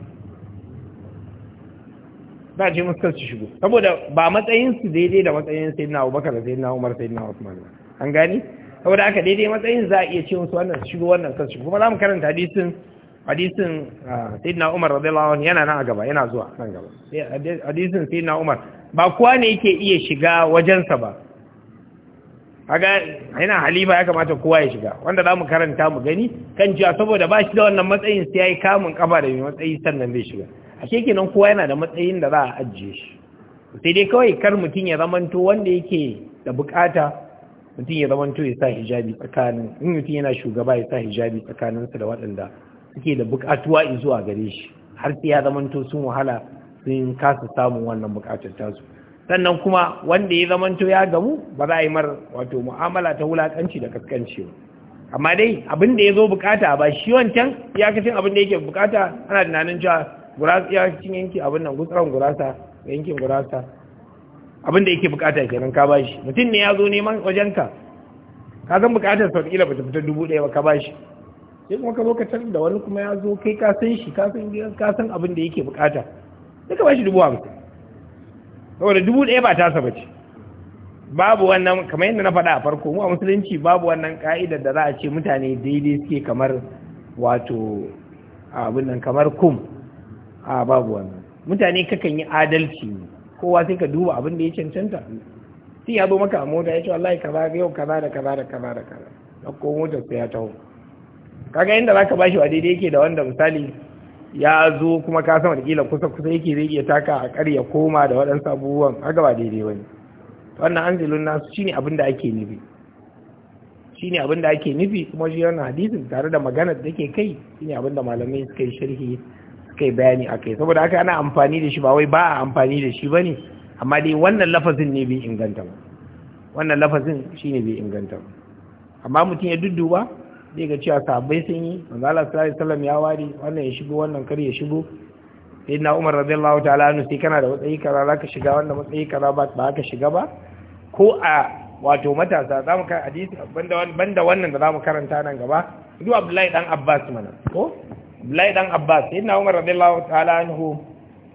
Speaker 1: za a ce musu su shigo saboda ba matsayinsu daidai da matsayin sai na abubakar da sai na umar sai na usman an gani saboda aka daidai matsayin za a iya ce musu wannan su shigo wannan su shigo kuma za mu karanta hadisin hadisin ah, sayyidina umar radiyallahu anhu yana nan a gaba yana zuwa nan gaba hadisin Sayyidina umar ba kowa ne yake iya shiga wajensa ba kaga yana halima ya kamata kowa ya shiga wanda za mu karanta mu gani kan jiya saboda ba shi da wannan matsayin sai ya yi kamun kafa da mai matsayi sannan zai shiga a nan kowa yana da matsayin da za a ajiye shi sai dai kawai kar mutum ya zamanto wanda yake da bukata mutum ya zamanto ya sa hijabi tsakanin in mutum yana shugaba ya sa hijabi tsakaninsa da waɗanda suke da bukatuwa izuwa gare shi har sai ya zamanto sun wahala sun kasa samun wannan bukatar tasu sannan kuma wanda ya zamanto ya gamu ba za a yi mar wato mu'amala ta wulakanci da kaskanci amma dai abin da ya zo bukata ba shi wancan cin abin da yake bukata ana nanin cewa gurasa iyakacin yanki abin nan gutsaran gurasa yankin gurasa abin da yake bukata kenan ka bashi mutum ne ya zo neman wajenka ka san bukatar sau kila ba ta fita dubu ɗaya ba ka bashi sai kuma ka zo ka tarar da wani kuma ya zo kai ka san shi ka san abin da yake bukata sai ka bashi dubu hamsin saboda dubu ɗaya ba tasa ba ce babu wannan kamar yadda na faɗa a farko mu a musulunci babu wannan ka'idar da za a ce mutane daidai suke kamar wato abin nan kamar kum a babu wannan mutane kakan yi adalci ne kowa sai ka duba abin da ya cancanta sai ya zo maka a mota ya ce wallahi kaza yau kaza da kaza da kaza da kaza da ko sai ya taho kaga inda zaka bashi wa daidai yake da wanda misali ya zo kuma ka sama da kila kusa kusa yake zai iya taka a kar ya koma da waɗansu abubuwan haka ba daidai wani wannan anzilun nasu shine abin da ake nufi shine abin da ake nufi kuma shi wannan hadisin tare da maganar da ke kai shine abin da malamai suka yi sharhi suka yi bayani kai saboda haka ana amfani da shi ba wai ba a amfani da shi bane amma dai wannan lafazin ne bai inganta ba wannan lafazin shine bai inganta ba amma mutum ya dudduba zai ga cewa sahabbai sun yi manzo Allah sallallahu alaihi ya wari wannan ya shigo wannan kar ya shigo na Umar radiyallahu ta'ala anhu sai kana da matsayi kaza zaka shiga wannan matsayi kaza ba ba ka shiga ba ko a wato matasa za mu kai hadisi banda banda wannan da za mu karanta nan gaba duk Abdullahi dan Abbas mana ko Abdullahi dan Abbas na Umar radiyallahu ta'ala anhu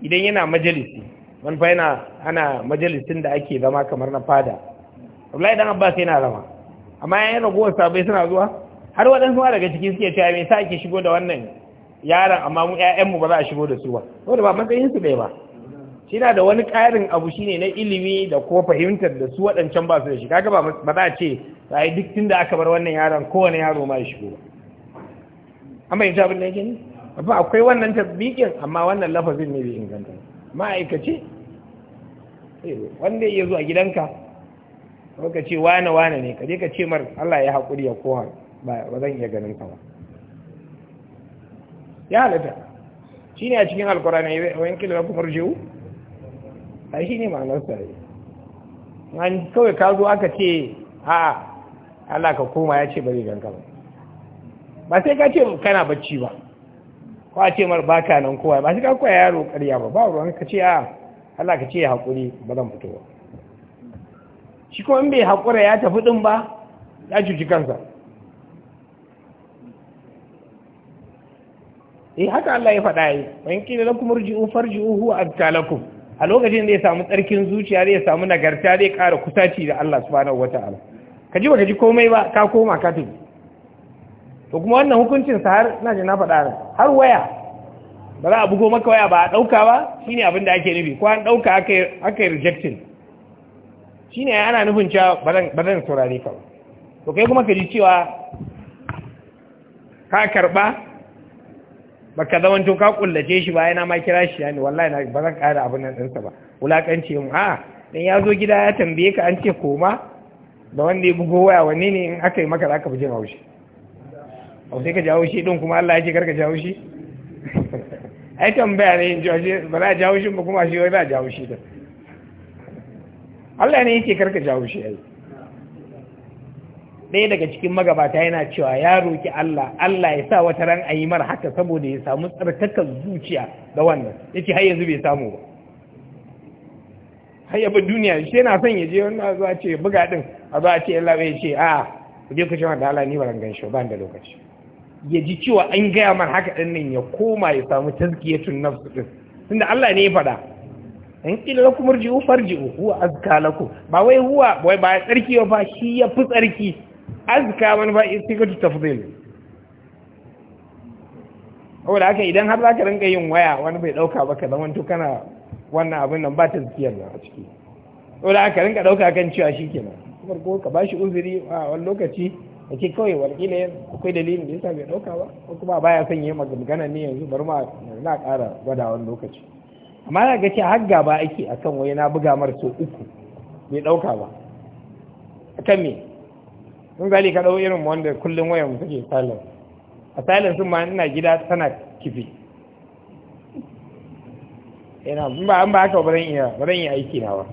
Speaker 1: idan yana majalisi wani fa yana ana majalisin da ake zama kamar na fada Abdullahi dan Abbas yana zama amma yayin ragowar sabai suna zuwa har waɗansu ma daga cikin suke cewa me sa ake shigo da wannan yaron amma mu ƴaƴanmu ba za a shigo da su ba saboda ba matsayin su ɗaya ba shi na da wani ƙarin abu shine na ilimi da ko fahimtar da su waɗancan ba su da shi kaga ba za a ce yi duk tunda aka bar wannan yaron kowane yaro ma ya shigo ba an bayyana abin da yake ne ba akwai wannan tabbikin amma wannan lafazin ne bai inganta ma'aikaci eh, wanda ya zo a gidanka ka ce wane wane ne ka je ka ce mar Allah ya haƙuri ya kohar ba zan iya ganin ka ba ya halitta, shi ne a cikin alkurani wani kila kuma rujewu a shi ne ma'anar sare an kawai ka zo aka ce a Allah ka koma ya ce bari ganka ba ba sai ka ce kana bacci ba ko a ce mar ka nan kowa ba sai ka koya yaro karya ba ba ruwan ka ce a Allah ka ce ya haƙuri ba zan fito ba shi kuma in bai haƙura ya tafi ɗin ba ya cuci kansa eh haka Allah ya faɗa yi wani kila lakum kuma farji'u farji uhu a lokacin da ya samu tsarkin zuciya ya samu nagarta ya ƙara kusaci da Allah subhanahu wataala ka ji baka ji komai ba ka koma ka tafi to kuma wannan hukuncin sa har na ji na faɗa har waya ba za a bugo maka waya ba a ɗauka ba shine abin da ake nufi ko an ɗauka aka yi rejecting shine ana nufin cewa ba zan saurare ka ba to kai kuma ka ji cewa ka karɓa baka zaman to ka kullace shi ba yana ma kira shi yani wallahi na ba zan kara abin nan dinsa ba wulakanci mu a dan ya zo gida ya tambaye ka an ce koma da wanda ya bugo waya wanne ne in aka yi maka zaka fi jin haushi A sai ka ji haushi din kuma Allah ya ce karka ji haushi ai tambaya ne in jawo shi ba za a ji haushin ba kuma shi wai za a ji haushi din Allah ne yake karka ji haushi ai ɗaya daga cikin magabata yana cewa ya roki Allah Allah ya sa wata ran a yi mara haka saboda ya samu tsartakar zuciya da wannan yace har yanzu bai samu ba har yaba duniya shi yana son ya je wani a zuwa ce buga ɗin, a zuwa ce Allah bai ce a ku je ku ce wanda Allah ni baran shi ba da lokaci ya ji cewa an gaya mar haka ɗin nan ya koma ya samu tazkiyatun nafsu din tunda Allah ne ya faɗa in kila lakum murji'u farji'u huwa azka lakum ba wai huwa wai ba tsarki ba shi ya fi tsarki azka wani ba istiqatu tafdil da aka idan har zaka rinka yin waya wani bai dauka ba ka to kana wannan abin nan ba ta zikiyar na a ciki da aka rinka dauka kan cewa shikenan ko ka bashi uzuri a wani lokaci da ke kawai walƙila akwai dalilin da yasa bai dauka ba ko kuma baya son yi magana ne yanzu bari ma na ƙara gwada wani lokaci amma na ga cewa har gaba ake akan wai na buga mara so uku bai dauka ba akan me mun gali ka ɗau irin wanda kullum wayan mu suke silent a silent sun ma ina gida tana kifi ina in ba an ba haka ba zan iya ba iya aiki na ba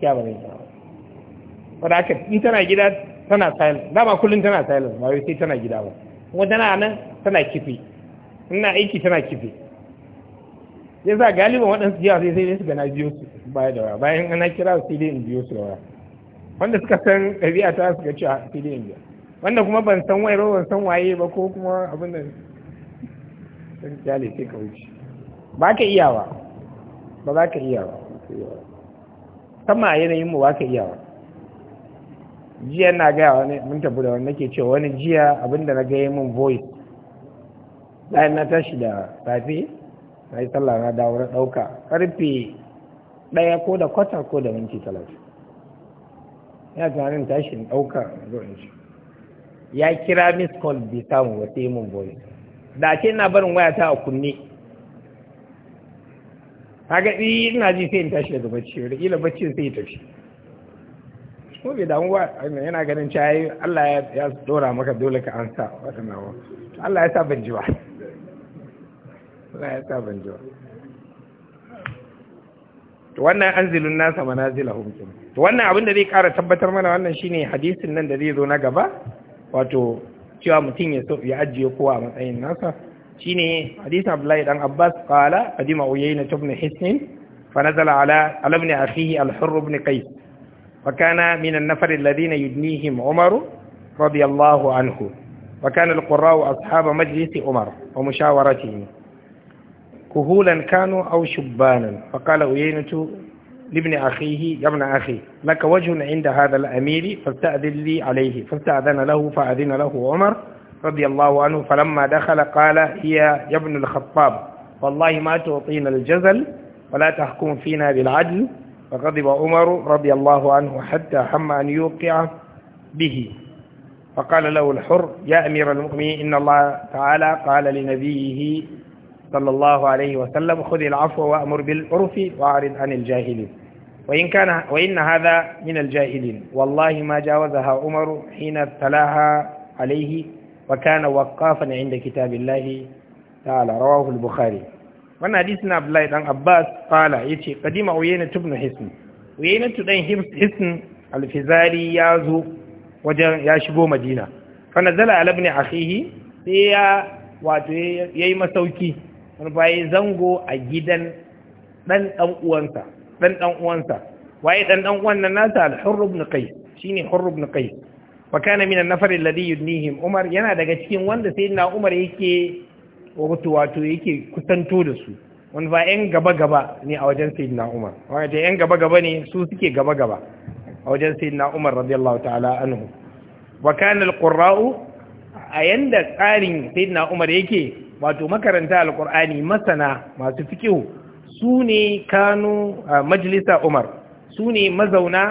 Speaker 1: ya ba zan iya ba da haka in tana gida tana silent dama kullum tana silent ba sai tana gida ba kuma tana nan tana kifi ina aiki tana kifi ya sa galiban waɗansu jiya sai sai su gana biyo su baya da waya bayan ana kira su sai dai in biyo su da waya wanda suka san ɗabi'a ta suka ci a filin in wanda kuma ban san wai ban san waye ba ko kuma abin da sun jale sai ka wuce ba ka iyawa ba za ka iyawa sama a yanayin mu ba ka iyawa jiya na gaya wani mun tabu da wani nake cewa wani jiya abin da na gaya min voice bayan na tashi da safe na yi sallah na dawo na ɗauka ƙarfe ɗaya ko da kwata ko da minti talatin ya tunanin tashin ɗauka zo in ci ya kira miss call bai samu ba yi mun boye da ce ina barin wayata a kunne ɗi ina ji sai in tashi daga bacci da kila baccin sai ya tafi ko bai damu ba yana ganin cewa Allah ya dora maka dole ka ansa wata nawa Allah ya sa ban ji ba Allah ya sa ban ji ba wannan anzilun nasa manazilahum kin wannan abin da zai ƙara tabbatar mana wannan shine hadisin nan da zai zo na gaba wato cewa mutum ya so ya ajiye kowa a matsayin nasa shine hadisin Abdullahi dan Abbas qala qadima Uyayna ibn Hisn fa nazala ala alam ni akhihi al-Hurr ibn Qais wa kana min an-nafar alladhina yudnihim Umar radiyallahu anhu wa kana al-qurra'u ashab majlis Umar wa mushawaratihi kuhulan kanu aw shubbanan fa qala لابن أخيه يا ابن أخي لك وجه عند هذا الأمير فاستأذن لي عليه فاستأذن له فأذن له عمر رضي الله عنه فلما دخل قال هي يا ابن الخطاب والله ما تعطينا الجزل ولا تحكم فينا بالعدل فغضب عمر رضي الله عنه حتى حم أن يوقع به فقال له الحر يا أمير المؤمنين إن الله تعالى قال لنبيه صلى الله عليه وسلم خذ العفو وأمر بالعرف وأعرض عن الجاهلين وإن كان وإن هذا من الجاهلين والله ما جاوزها عمر حين اطلعها عليه وكان وقافا عند كتاب الله تعالى رواه البخاري wannan hadisin Abdullahi dan Abbas qala yace qadima Uyayna ibn Hisn Uyayna dan Hisn al-Fizari ya wajen ya shigo Madina fa nazala ala ibn akhihi sai ya wato yayi masauki wani bayi zango a gidan ɗan dan uwansa dan dan uwansa waye dan dan uwan nan nasa al-hurr ibn qais shine hurr ibn qais fa kana min an-nafar alladhi yudnihim umar yana daga cikin wanda sayyidina umar yake wato wato yake kusanto da su wanda ba yan gaba gaba ne a wajen sayyidina umar wato yan gaba gaba ne su suke gaba gaba a wajen sayyidina umar radiyallahu ta'ala anhu wa kana al-qurra'u a yanda tsarin sayyidina umar yake wato makaranta al-qur'ani masana masu fiqh su ne kanu a majalisa umar su ne mazauna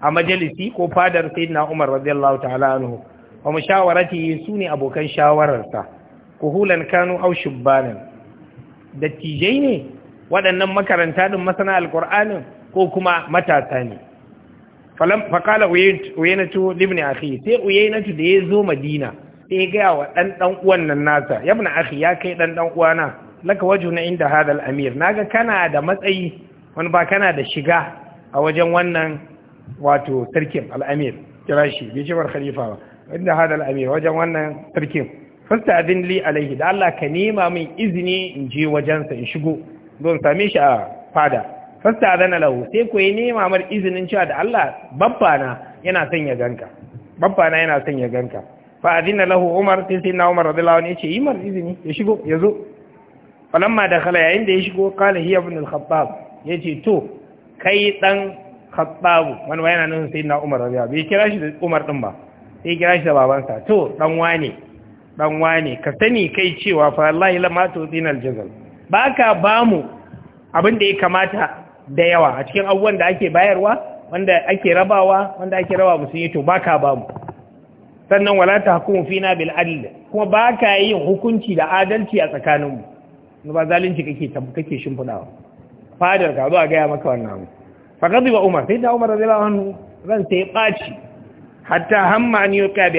Speaker 1: a majalisi ko fadar sayyidina umar radiyallahu ta'ala anhu wa mushawarati su ne abokan shawararsa kuhulan kanu au shubbanan dattijai ne waɗannan makaranta din masana alqur'anin ko kuma matasa ne faƙala uyainatu libni akhi sai uyainatu da ya zo madina sai ya gaya wa ɗan uwan nan nasa yabna akhi ya kai ɗan dan uwana laka wajhu na inda hadal amir naga kana da matsayi wani ba kana da shiga a wajen wannan wato sarkin al'amir kira shi bai ce khalifa ba inda hadal amir wajen wannan sarkin fasta adin li alaihi da Allah ka nema min izini in je wajensa in shigo don same shi a fada fasta adana lahu sai ku ya nema mar izinin cewa da Allah babba na yana son ya ganka babba na yana son ya ganka fa adina lahu umar sai sai na umar radiyallahu anhu ce yi mar izini ya shigo ya zo falamma da kala, yayin da ya shigo kala hiya ibn al-khattab yace to kai dan khattab wani yana nan sayyidina umar rabi'a bai kira shi da umar din ba sai kira shi da babansa to dan wane dan wane ka sani kai cewa fa wallahi ma tu'tina al-jazal baka bamu abin da ya kamata da yawa a cikin abubuwan da ake bayarwa wanda ake rabawa wanda ake raba musulmi to baka bamu sannan wala hukumu fina bil adl kuma baka yin hukunci da adalci a tsakaninmu ba zalunci kake kake shimfidawa fadar ka a gaya maka wannan abu faqad umar sai da umar radiyallahu anhu zan sai baci hatta hamma ni yuka bi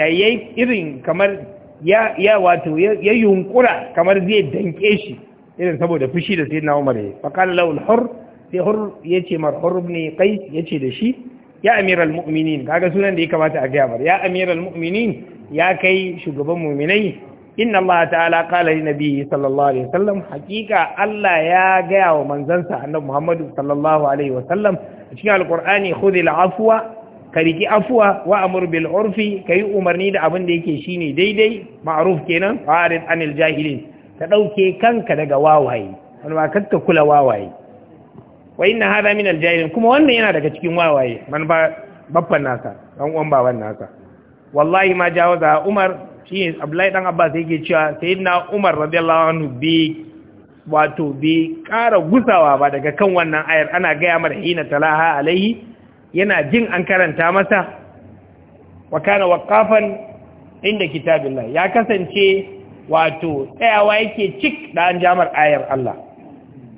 Speaker 1: irin kamar ya ya wato ya yunkura kamar zai danke shi irin saboda fushi da sayyidina umar ya faqala lahu al-hur sai hur yace mar hur ibn qais yace da shi ya amiral mu'minin kaga sunan da ya kamata a gaya mar ya amiral mu'minin ya kai shugaban mu'minai inna Allah ta'ala qala li nabiyyi sallallahu alaihi wasallam hakika Allah ya gaya wa manzansa annabi Muhammadu sallallahu alaihi wasallam cikin alqur'ani khudh afwa ka riki afwa wa amur bil urfi kai umarni da abin da yake shine daidai ma'ruf kenan farid anil jahilin ka dauke kanka daga wawaye wani ba kanka kula wawaye wa inna hadha min al jahilin kuma wannan yana daga cikin wawaye man ba baffan nasa dan uwan baban nasa wallahi ma jawaza umar shi ne abdullahi dan abbas yake cewa sayyidina umar radiyallahu anhu bi wato bi ƙara gusawa ba daga kan wannan ayar ana gaya mara hina talaha alaihi yana jin an karanta masa wa kana waqafan inda kitabillah ya kasance wato tsayawa yake cik da an jamar ayar Allah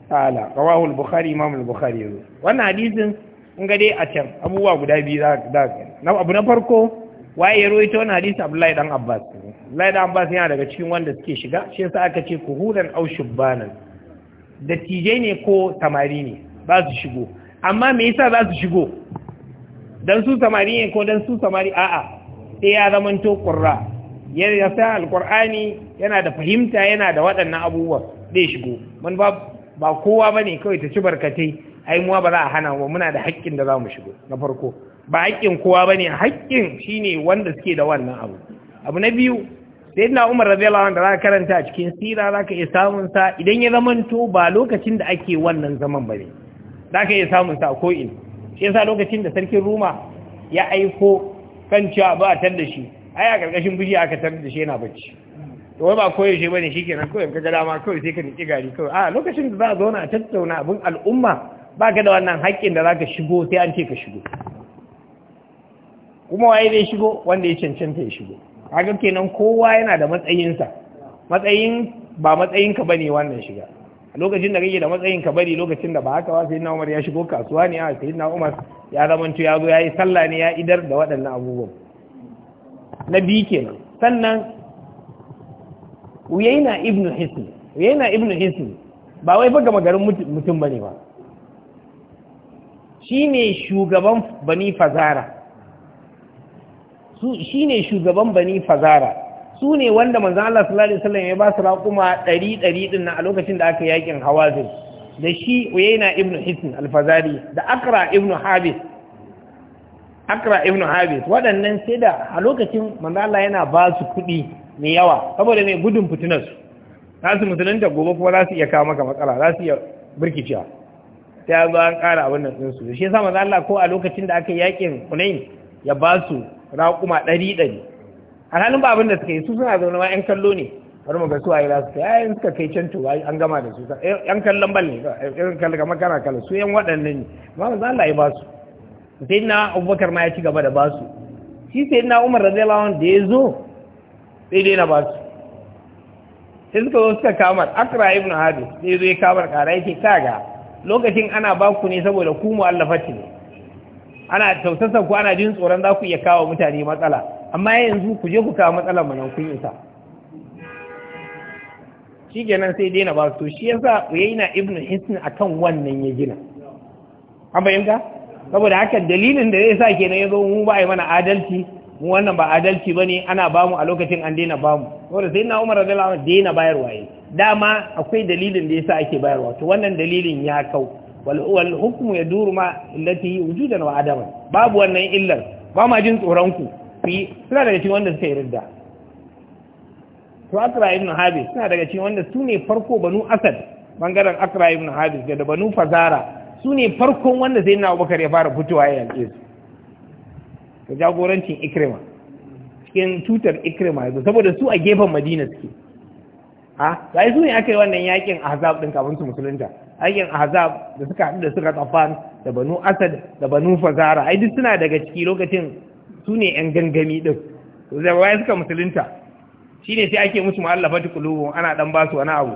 Speaker 1: ta'ala rawahu al-bukhari imam al-bukhari wannan hadisin in ga dai a can abubuwa guda biyu za ka na abu na farko waye ya rawaito wani hadisi Abdullahi dan Abbas Abdullahi da Abbas yana daga cikin wanda suke shiga shi yasa aka ce kuhuran au shubbanan dattijai ne ko samari ne ba su shigo amma me yasa za su shigo dan su samari ne ko dan su samari a'a sai ya zamanto qurra ya yasa alqur'ani yana da fahimta yana da waɗannan abubuwa zai shigo mun ba ba kowa bane kawai ta ci barkatai ai muwa ba za a hana mu muna da haƙƙin da za shigo na farko ba haƙƙin kowa bane haƙƙin shine wanda suke da wannan abu abu na biyu sai na umar radiyallahu anhu da za karanta a cikin sira za ka iya samun sa idan ya to ba lokacin da ake wannan zaman ba ne za ka iya samun sa ko in shi yasa lokacin da sarkin ruma ya aiko kan cewa ba a tar da shi ai a karkashin biji aka tar da shi yana bacci to wai ba koyaushe bane shikenan kawai ka ga dama kawai sai ka niki gari kawai a lokacin da za a zauna a tattauna abin al'umma ba ka da wannan haƙƙin da za ka shigo sai an ce ka shigo kuma waye zai shigo wanda ya cancanta ya shigo kaga kenan kowa yana da matsayinsa matsayin ba matsayin ka bane wannan shiga lokacin da kake da matsayin ka bari lokacin da ba haka ba sai na Umar ya shigo kasuwa ne a sai na Umar ya zamanto ya zo ya yi sallah ne ya idar da waɗannan abubuwan na bi kenan sannan Uyaina ibn Hisn Uyaina ibn Hisn ba wai baga magarin mutum bane ba shine shugaban Bani Fazara su ne shugaban bani fazara su ne wanda manzan Allah sallallahu alaihi ya ba su raƙuma ɗari 100 din a lokacin da aka yakin hawazin da shi uyaina ibnu hisn alfazari fazari da akra ibnu habis akra ibnu habis waɗannan sai da a lokacin manzan Allah yana ba su kuɗi mai yawa saboda mai gudun fitinar su za su musulunta gobe kuma za su iya kawo maka matsala za su iya birkicewa sai ya zo an ƙara abin nan ɗinsu da shi yasa manzan Allah ko a lokacin da aka yi yakin Hunain ya ba su raƙuma ɗari ɗari A alhalin ba abin da suka yi su suna zaune ma 'yan kallo ne bari mu ga su waye za su kai ayin suka kai can tuba an gama da su yan kallon bal ne irin kallon kamar kana kallon su yan waɗannan ne ma za a yi ba su sai na abubakar ma ya ci gaba da ba su shi sai na umar radiyallahu anhu da ya zo sai dai na ba su sai suka zo suka kamar akra ibn habib sai zo ya kamar kara yake kaga lokacin ana ba ku ne saboda ku mu'allafati ne ana tausasa ku ana jin tsoron za ku iya kawo mutane matsala amma yanzu ku je ku kawo matsalar mana kun isa shi kenan sai daina ba su shi yasa uyaina ibnu hisn akan wannan ya gina an fahimta saboda haka dalilin da zai sa kenan ya zo mu ba a mana adalci mu wannan ba adalci ba ne ana bamu a lokacin an daina bamu saboda sai na umar radiyallahu anhu daina bayarwa dama akwai dalilin da yasa ake bayarwa to wannan dalilin ya kau wal hukmu yaduru ma illati wujudan wa adama babu wannan illar ba ma jin tsoronku. ku fi suna daga cikin wanda suka yi ridda to akra ibn habis suna daga cikin wanda su ne farko banu asad bangaren akra ibn habis da banu fazara su ne farkon wanda sai na abubakar ya fara fitowa ya yanke su ga jagorancin ikrima cikin tutar ikrima yanzu saboda su a gefen madina suke a sai su ne aka yi wannan yakin hazab din kafin su musulunta ayyan azab da suka haɗu da suka tsafan da banu asad da banu fazara ai duk suna daga ciki lokacin su ne yan gangami din to zai waye suka musulunta shine sai ake musu mu'allafatu qulubun ana dan basu wani abu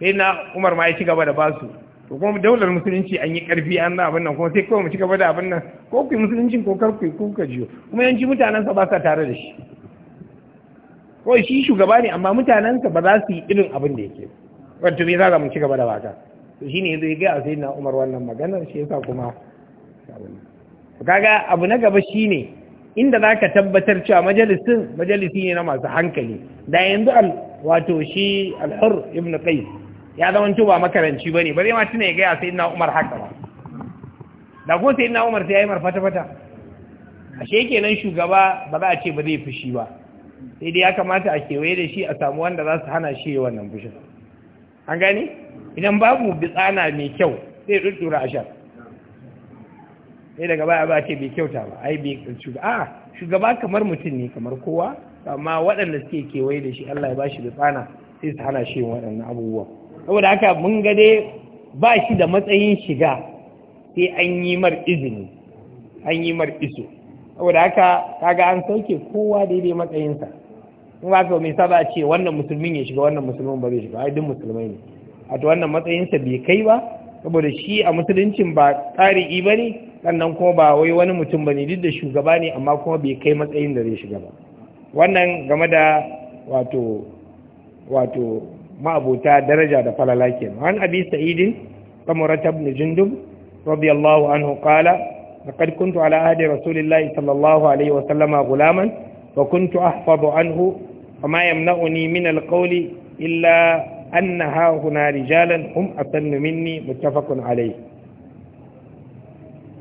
Speaker 1: sai na Umar ma ya ci gaba da basu to kuma daular musulunci an yi karfi an da abin nan kuma sai kawai mu ci gaba da abin nan ko ku musuluncin ko kar ku ka jiyo kuma yanci mutanen sa ba sa tare da shi ko shi shugaba ne amma mutanen sa ba za su yi irin abin da yake ba wato me za mu ci gaba da baka to shine yanzu ya ga sai na Umar wannan maganar shi yasa kuma kaga abu na gaba shine inda zaka tabbatar cewa majalisin majalisi ne na masu hankali da yanzu al wato shi al-Hur ibn Qais ya zama ba makaranci bane ba zai ma tuna ya ga sai na Umar haka ba da ko sai na Umar sai yayi marfata fata ashe kenan shugaba ba za a ce ba zai fushi ba sai dai ya kamata a kewaye da shi a samu wanda za su hana shi wannan fushin an gani idan babu bitsana mai kyau sai ɗuɗɗura ashar sai daga baya ba ce bai kyauta ba ai bai shugaba a shugaba kamar mutum ne kamar kowa amma waɗanda suke kewaye da shi Allah ya bashi bitsana sai su hana shi waɗannan abubuwa saboda haka mun ga dai ba shi da matsayin shiga sai an yi mar izini an yi mar iso saboda haka kaga an sauke kowa daidai matsayinsa in ba ka ba a ce wannan musulmin ya shiga wannan musulmin ba zai shiga ai duk musulmai ne a to wannan matsayin sa bai kai ba saboda shi a musuluncin ba tsari ba bane sannan kuma ba wai wani mutum ba ne duk da shugaba ne amma kuma bai kai matsayin da zai shiga ba wannan game da wato wato ma'abota daraja da falala kenan an abi sa'idin samurata ibn jundub radiyallahu anhu qala كنت على عهد رسول الله صلى الله wa sallama gulaman فكنت أحفظ عنه وما يمنعني من القول إلا أن ها هنا رجالا هم أسن مني متفق عليه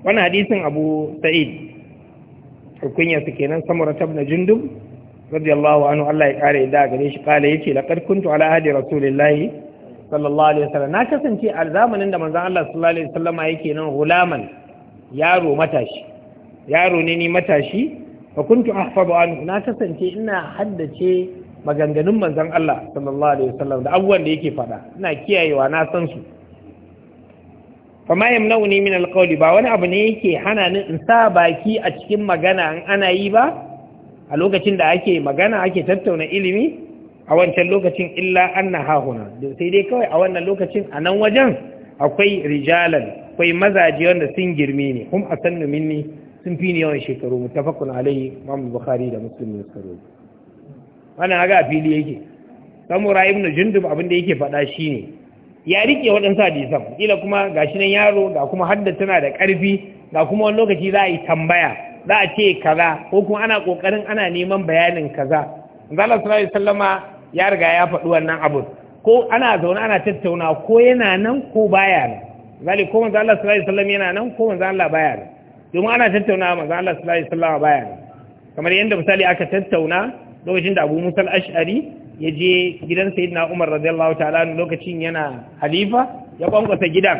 Speaker 1: وانا حديث أبو سعيد الكنية سكينا سمرة بن جندب رضي الله عنه الله يقارئ دا قريش قال يتي لقد كنت على عهد رسول الله صلى الله عليه وسلم na kasance a zamanin da manzon Allah sallallahu alaihi wasallama yake nan gulaman yaro matashi yaro ne ni matashi fa kuntu ahfadu na kasance ina haddace maganganun manzon Allah sallallahu alaihi wasallam da abubuwan da yake faɗa ina kiyayewa na san su fa ma yamnauni min alqawli ba wani abu ne yake hana ni in sa baki a cikin magana in ana yi ba a lokacin da ake magana ake tattauna ilimi a wancan lokacin illa anna hahuna sai dai kawai a wannan lokacin a nan wajen akwai rijalan akwai mazaje wanda sun girme ne kuma asannu minni sun fi ni yawan shekaru mutafakun alaihi mamu Bukhari da Muslim ne suka rawaito wannan a fili yake samura ibn jundub abin da yake faɗa ne. ya rike waɗansu hadisan kila kuma gashi nan yaro ga kuma hadda tana da ƙarfi ga kuma wani lokaci za a yi tambaya za a ce kaza ko kuma ana ƙoƙarin ana neman bayanin kaza zala sallallahu sallama ya riga ya faɗi wannan abun ko ana zaune ana tattauna ko yana nan ko baya nan zali ko manzo Allah sallallahu alaihi wasallam yana nan ko manzo Allah baya nan domin ana tattauna manzo Allah sallallahu alaihi wasallam baya kamar yadda misali aka tattauna lokacin da Abu Musa al-Ash'ari ya je gidan Sayyidina Umar radiyallahu ta'ala lokacin yana halifa ya kwankwasa gidan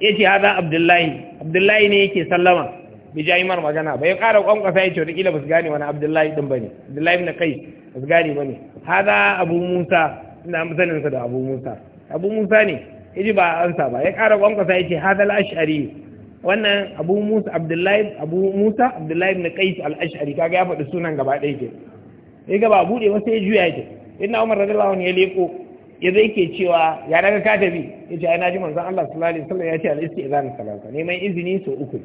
Speaker 1: yace hada Abdullahi Abdullahi ne yake sallama bi jaimar magana bai ƙara kwankwasa yace da kila basu gane wani Abdullahi din bane Abdullahi ibn Qais basu gane bane hada Abu Musa ina musanin sa da Abu Musa Abu Musa ne yaji ba ansa ba ya ƙara kwankwasa yace hada al-Ash'ari wannan abu musa abdullahi abu musa abdullahi ibn qais al-ash'ari kaga ya faɗi sunan gaba ɗaya ke sai gaba bude wasu sai juya ke inna umar radiyallahu anhu ya leko ya zai ke cewa ya daga ka tafi ya ce ai ji manzon Allah sallallahu alaihi wasallam ya ce al-istizan salata neman izini so uku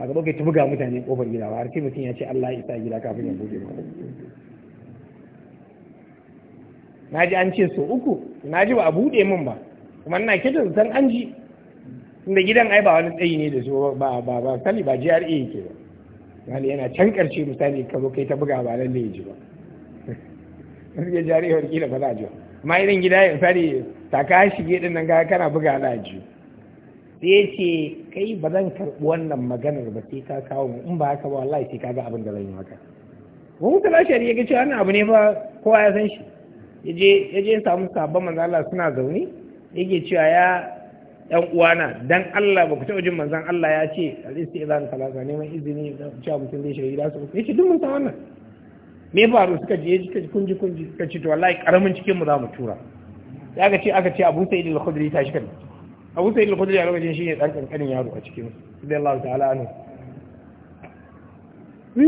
Speaker 1: ba ga ta buga mutane kofar gida ba har sai mutum ya ce Allah ya isa gida kafin ya bude ba na ji an ce so uku na ji ba a bude min ba kuma ina kitan san an ji inda gidan ai ba wani tsayi ne da su ba ba ba sani ba GRA yake ba wani yana can karshe misali ka zo kai ta buga ba nan da ya ji ba gaskiya GRA wani kila ba za a ji ba amma irin gida ya ta ka shige din nan ga kana buga za a ji sai ce kai ba zan karɓi wannan maganar ba sai ka kawo mu in ba haka ba wallahi sai ka ga abin da zan yi haka ko mutu lashari ya ga cewa wannan abu ne ba kowa ya san shi ya je ya samu sabon manzo suna zaune yake cewa ya yan uwana dan Allah ba ku taɓa jin manzon Allah ya ce al-istizan talaka neman izini cewa mutum zai gida su ce duk mun san wannan me faru suka je kunji kunji suka ce to wallahi karamin cikin mu za mu tura ya ga ce aka ce Abu Sa'id al-Khudri ta shi Abu Sa'id al-Khudri a lokacin shi ne dan kankanin yaro a cikin Allah ta'ala anhu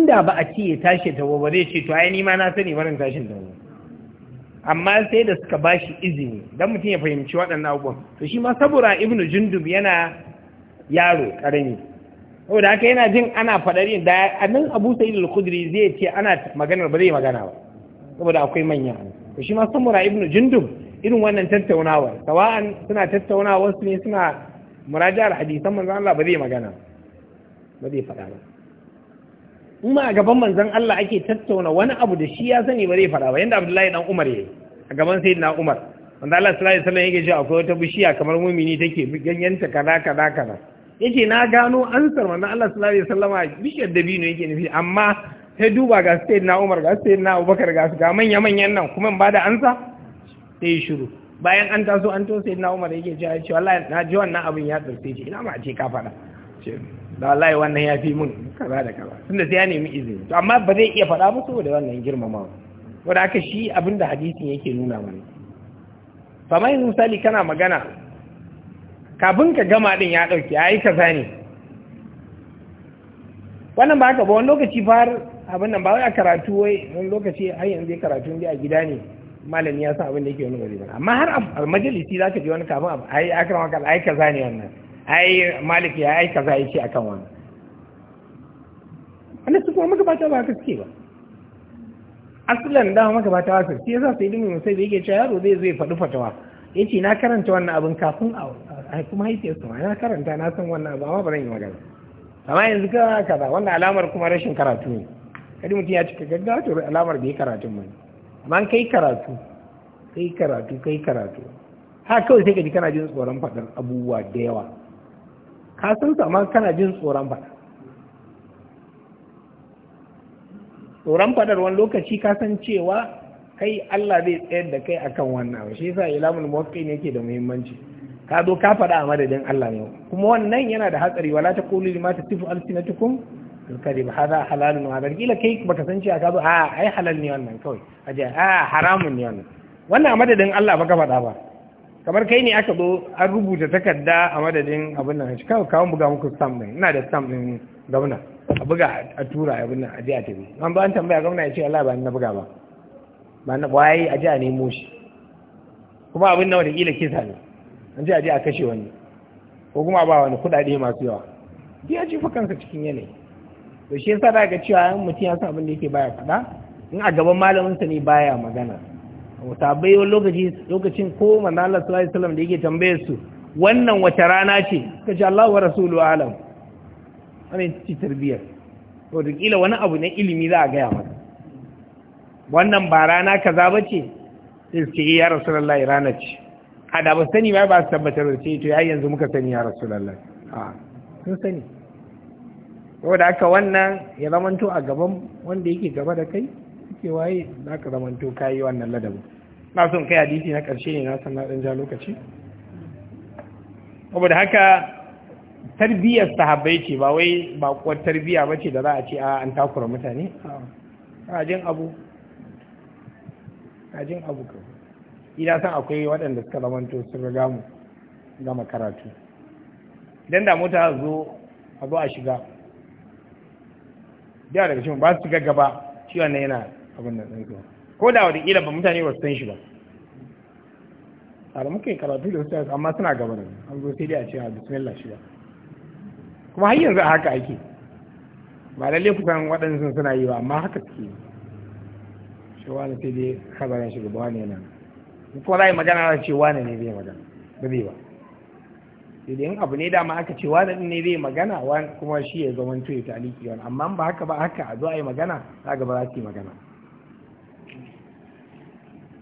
Speaker 1: inda ba a ce ya tashi ta ba zai ce to ai ni ma na sani barin tashin da wani amma sai da suka ba shi izini don mutum ya fahimci waɗannan abubuwan to shi ma saboda ibnu jundub yana yaro ƙarami saboda haka yana jin ana faɗar yin da nan abu sai da khudri zai ce ana maganar ba zai magana ba saboda akwai manya to shi ma saboda ibnu jundub irin wannan tattaunawar sawa'an suna tattaunawa wasu ne suna muraja al-hadisan manzon Allah ba zai magana ba zai faɗa ba in ma a gaban manzon Allah ake tattauna wani abu da shi ya sani ba zai faɗa ba yanda Abdullahi dan Umar yayi a gaban sayyidina Umar wanda Allah sallallahu alaihi wasallam yake cewa akwai wata bishiya kamar mumini take ganyenta kaza kaza kaza yake na gano ansar manzo Allah sallallahu alaihi wasallam bishiyar dabino yake nufi amma sai duba ga sayyidina Umar ga sayyidina Abubakar ga ga manya manyan nan kuma ba da ansa sai shiru bayan an taso an to sayyidina Umar yake cewa wallahi na ji wannan abin ya tsirce ina ma a ce ka faɗa da wallahi wannan ya fi mun kaza da kaza tunda sai ya nemi izini to amma ba zai iya faɗa musu da wannan girmamawa wanda aka shi abinda hadisin yake nuna mana fama yanzu misali kana magana kafin ka gama din ya dauke ayi yi kaza ne wannan ba haka ba wani lokaci far abin nan ba wai a karatu wai wani lokaci har yanzu karatu a gida ne malami ya san abin da yake wani gari amma har a majalisi za ka je wani kafin abu ai akrama kal ai kaza ne wannan ai Maliki ya ai kaza yace akan wani. wannan su kuma magabata ba ka suke ba aslan da magabata ba su yasa sai dinin sai da yake cewa yaro zai zai faɗi fatawa yace na karanta wannan abin kafin a kuma haifiyar su na karanta na san wannan abu amma ba zan yi magana amma yanzu ka kaza wannan alamar kuma rashin karatu ne kadi mutum ya cika gaggawa to alamar bai karatun ba amma kai karatu kai karatu kai karatu ha kawai sai ka ji kana jin tsoron faɗar abubuwa da yawa ka san su amma kana jin tsoron faɗa tsoron faɗar wani lokaci ka san cewa kai Allah zai tsayar da kai akan wannan shi yasa ilamul muwaqqin yake da muhimmanci ka zo ka faɗa a madadin Allah ne kuma wannan yana da hatsari wala ta taqulu lima tasifu alsinatukum alkadib hada halalun wa hadal kila kai baka san cewa ka zo a ai halal ne wannan kawai aje a haramun ne wannan wannan a madadin Allah baka faɗa ba kamar kai ne aka zo an rubuta takarda a madadin abin nan shi kawo kawo buga muku stamp din ina da stamp din gwamna a buga a tura abin nan a jiya a tafi an ba an tambaya gwamna ya ce Allah ba na buga ba ba na waye a jiya a nemo shi kuma abin nan wata kila kisa ne an je a jiya a kashe wani ko kuma ba wani kuɗaɗe masu yawa duk ya jefa kansa cikin yanayi to shi yasa da ga cewa mutum ya san abin da yake baya faɗa in a gaban malamin sa ne baya magana musabai wani lokaci lokacin ko manzo Allah sallallahu alaihi wasallam da yake tambayar su wannan wace rana ce suka ce Allahu wa rasulu alam wannan ci tarbiyyar. to da kila wani abu na ilimi za a gaya masa wannan ba rana kaza bace sai su ce eh, ya rasulullahi rana ce a da ba sani ba ba su tabbatar da ce to ya yanzu muka sani ya rasulullahi a sun sani saboda haka wannan ya zamanto a gaban wanda yake gaba da kai ke waye za ka zamanto ka yi wannan ladabin na son kai hadisi na ƙarshe ne na san na ɗan ja lokaci saboda haka tarbiyyar sahabbai ce ba wai bakuwar tarbiyya ba ce da za a ce a an takura mutane rajin abu rajin abu ka idan san akwai waɗanda suka zamanto sun riga mu gama karatu idan da mota zo a zo a shiga da daga cikin ba su shiga gaba ciwon na yana abin da ɗin ko da wata ƙila ba mutane ba su san shi ba tare muka yi karatu da wasu amma suna gaba da an zo sai dai a ce a bismillah shi ba kuma har yanzu a haka ake ba lalle kusan waɗansu suna yi ba amma haka suke yi shi wani sai dai kabarin shi gaba wani yana kuma za a yi magana da ce wani ne zai magana ba zai ba idan yin abu ne dama aka ce wani ne zai magana kuma shi ya zama to ta taliki amma ba haka ba haka a zo a yi magana za a gaba za su yi magana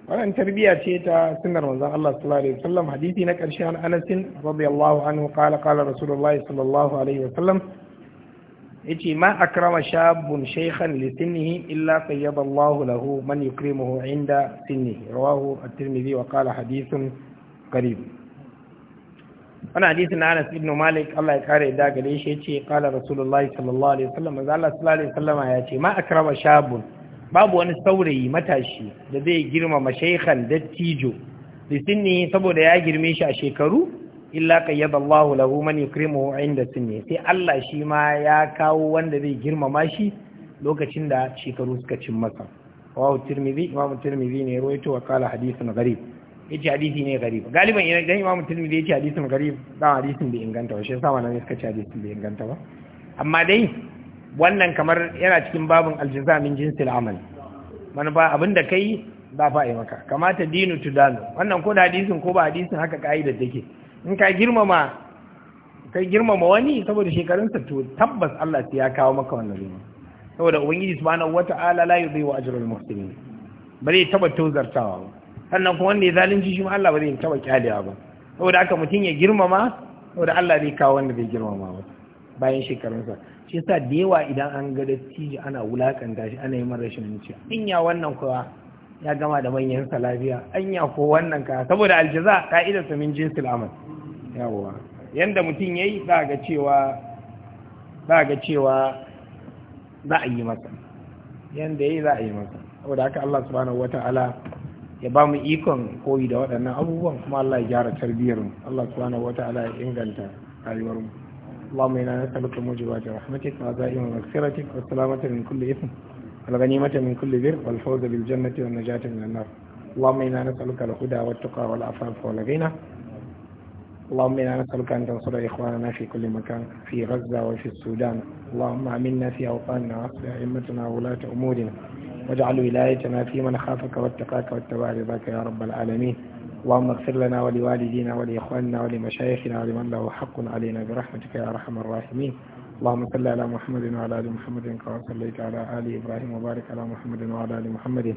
Speaker 1: wannan tarbiyya ce ta sunnar manzon Allah sallallahu alaihi wasallam hadisi na karshe an Anas radiyallahu anhu qala qala rasulullah sallallahu alaihi wasallam yace ma akrama shabun shaykhan li sinnihi illa qayyada Allahu lahu man yukrimuhu inda sinnihi rawahu at-Tirmidhi wa qala hadithun qarib wannan hadisi na Anas ibn Malik Allah ya kare da gare shi yace qala rasulullah sallallahu alaihi wasallam manzon Allah sallallahu alaihi wasallam yace ma akrama shabun babu wani saurayi matashi da zai girmama shaikhan dattijo da sinni saboda ya girme shi a shekaru illa qayyada Allahu lahu man yukrimuhu inda sinni sai Allah shi ma ya kawo wanda zai girmama shi lokacin da shekaru suka cin masa wa tirmidhi imam tirmidhi ne rawaito wa qala hadithun gharib yace hadisi ne gharib galiban idan imam tirmidhi yace hadisin gharib da hadisin bai inganta ba shi yasa wannan suka ce hadisin bai inganta ba amma dai wannan kamar yana cikin babin aljiza min jinsi jinsil amal manufa abin da kai ba fa yi maka kamata dinu tudanu wannan ko da hadisin ko ba hadisin haka ka'ida take in ka girmama kai girmama wani saboda shekarunsa to tabbas Allah ya kawo maka wannan zuwa saboda ubangiji subhanahu wata'ala la yudhi'u ajral muhsinin zai taba tozartawa sannan kuma wanda ya zalunci shi ma Allah ba zai taba kyalewa ba saboda haka mutum ya girmama saboda Allah zai kawo wanda zai girmama ba bayan shekarunsa shi sa da yawa idan an ga dattijo ana wulakanta shi ana yi mara rashin mutuwa ya wannan kowa ya gama da manyan salafiya ya ko wannan ka saboda aljaza ka'idar sa min jinsil amal yawa yanda mutum yi za ga cewa za ga cewa za a yi masa yanda yi za a yi masa saboda haka Allah subhanahu wataala ya ba mu ikon koyi da waɗannan abubuwan kuma Allah ya gyara tarbiyyar mu Allah subhanahu wataala ya inganta rayuwarmu اللهم إنا نسألك موجبات رحمتك وعزائم مغفرتك والسلامة من كل إثم والغنيمة من كل بر والفوز بالجنة والنجاة من النار اللهم إنا نسألك الهدى والتقى والعفاف والغنى اللهم إنا نسألك أن تنصر إخواننا في كل مكان في غزة وفي السودان اللهم آمنا في أوطاننا وأصلح أئمتنا وولاة أمورنا واجعل ولايتنا في من خافك واتقاك واتبع رضاك يا رب العالمين اللهم اغفر لنا ولوالدينا ولإخواننا ولمشايخنا ولمن له حق علينا برحمتك يا أرحم الراحمين اللهم صل على محمد وعلى آل محمد كما صليت على آل إبراهيم وبارك على محمد وعلى آل محمد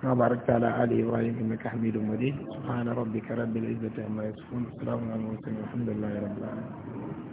Speaker 1: كما باركت على آل إبراهيم إنك حميد مجيد سبحان ربك
Speaker 2: رب العزة عما يصفون وسلام على المرسلين والحمد لله رب العالمين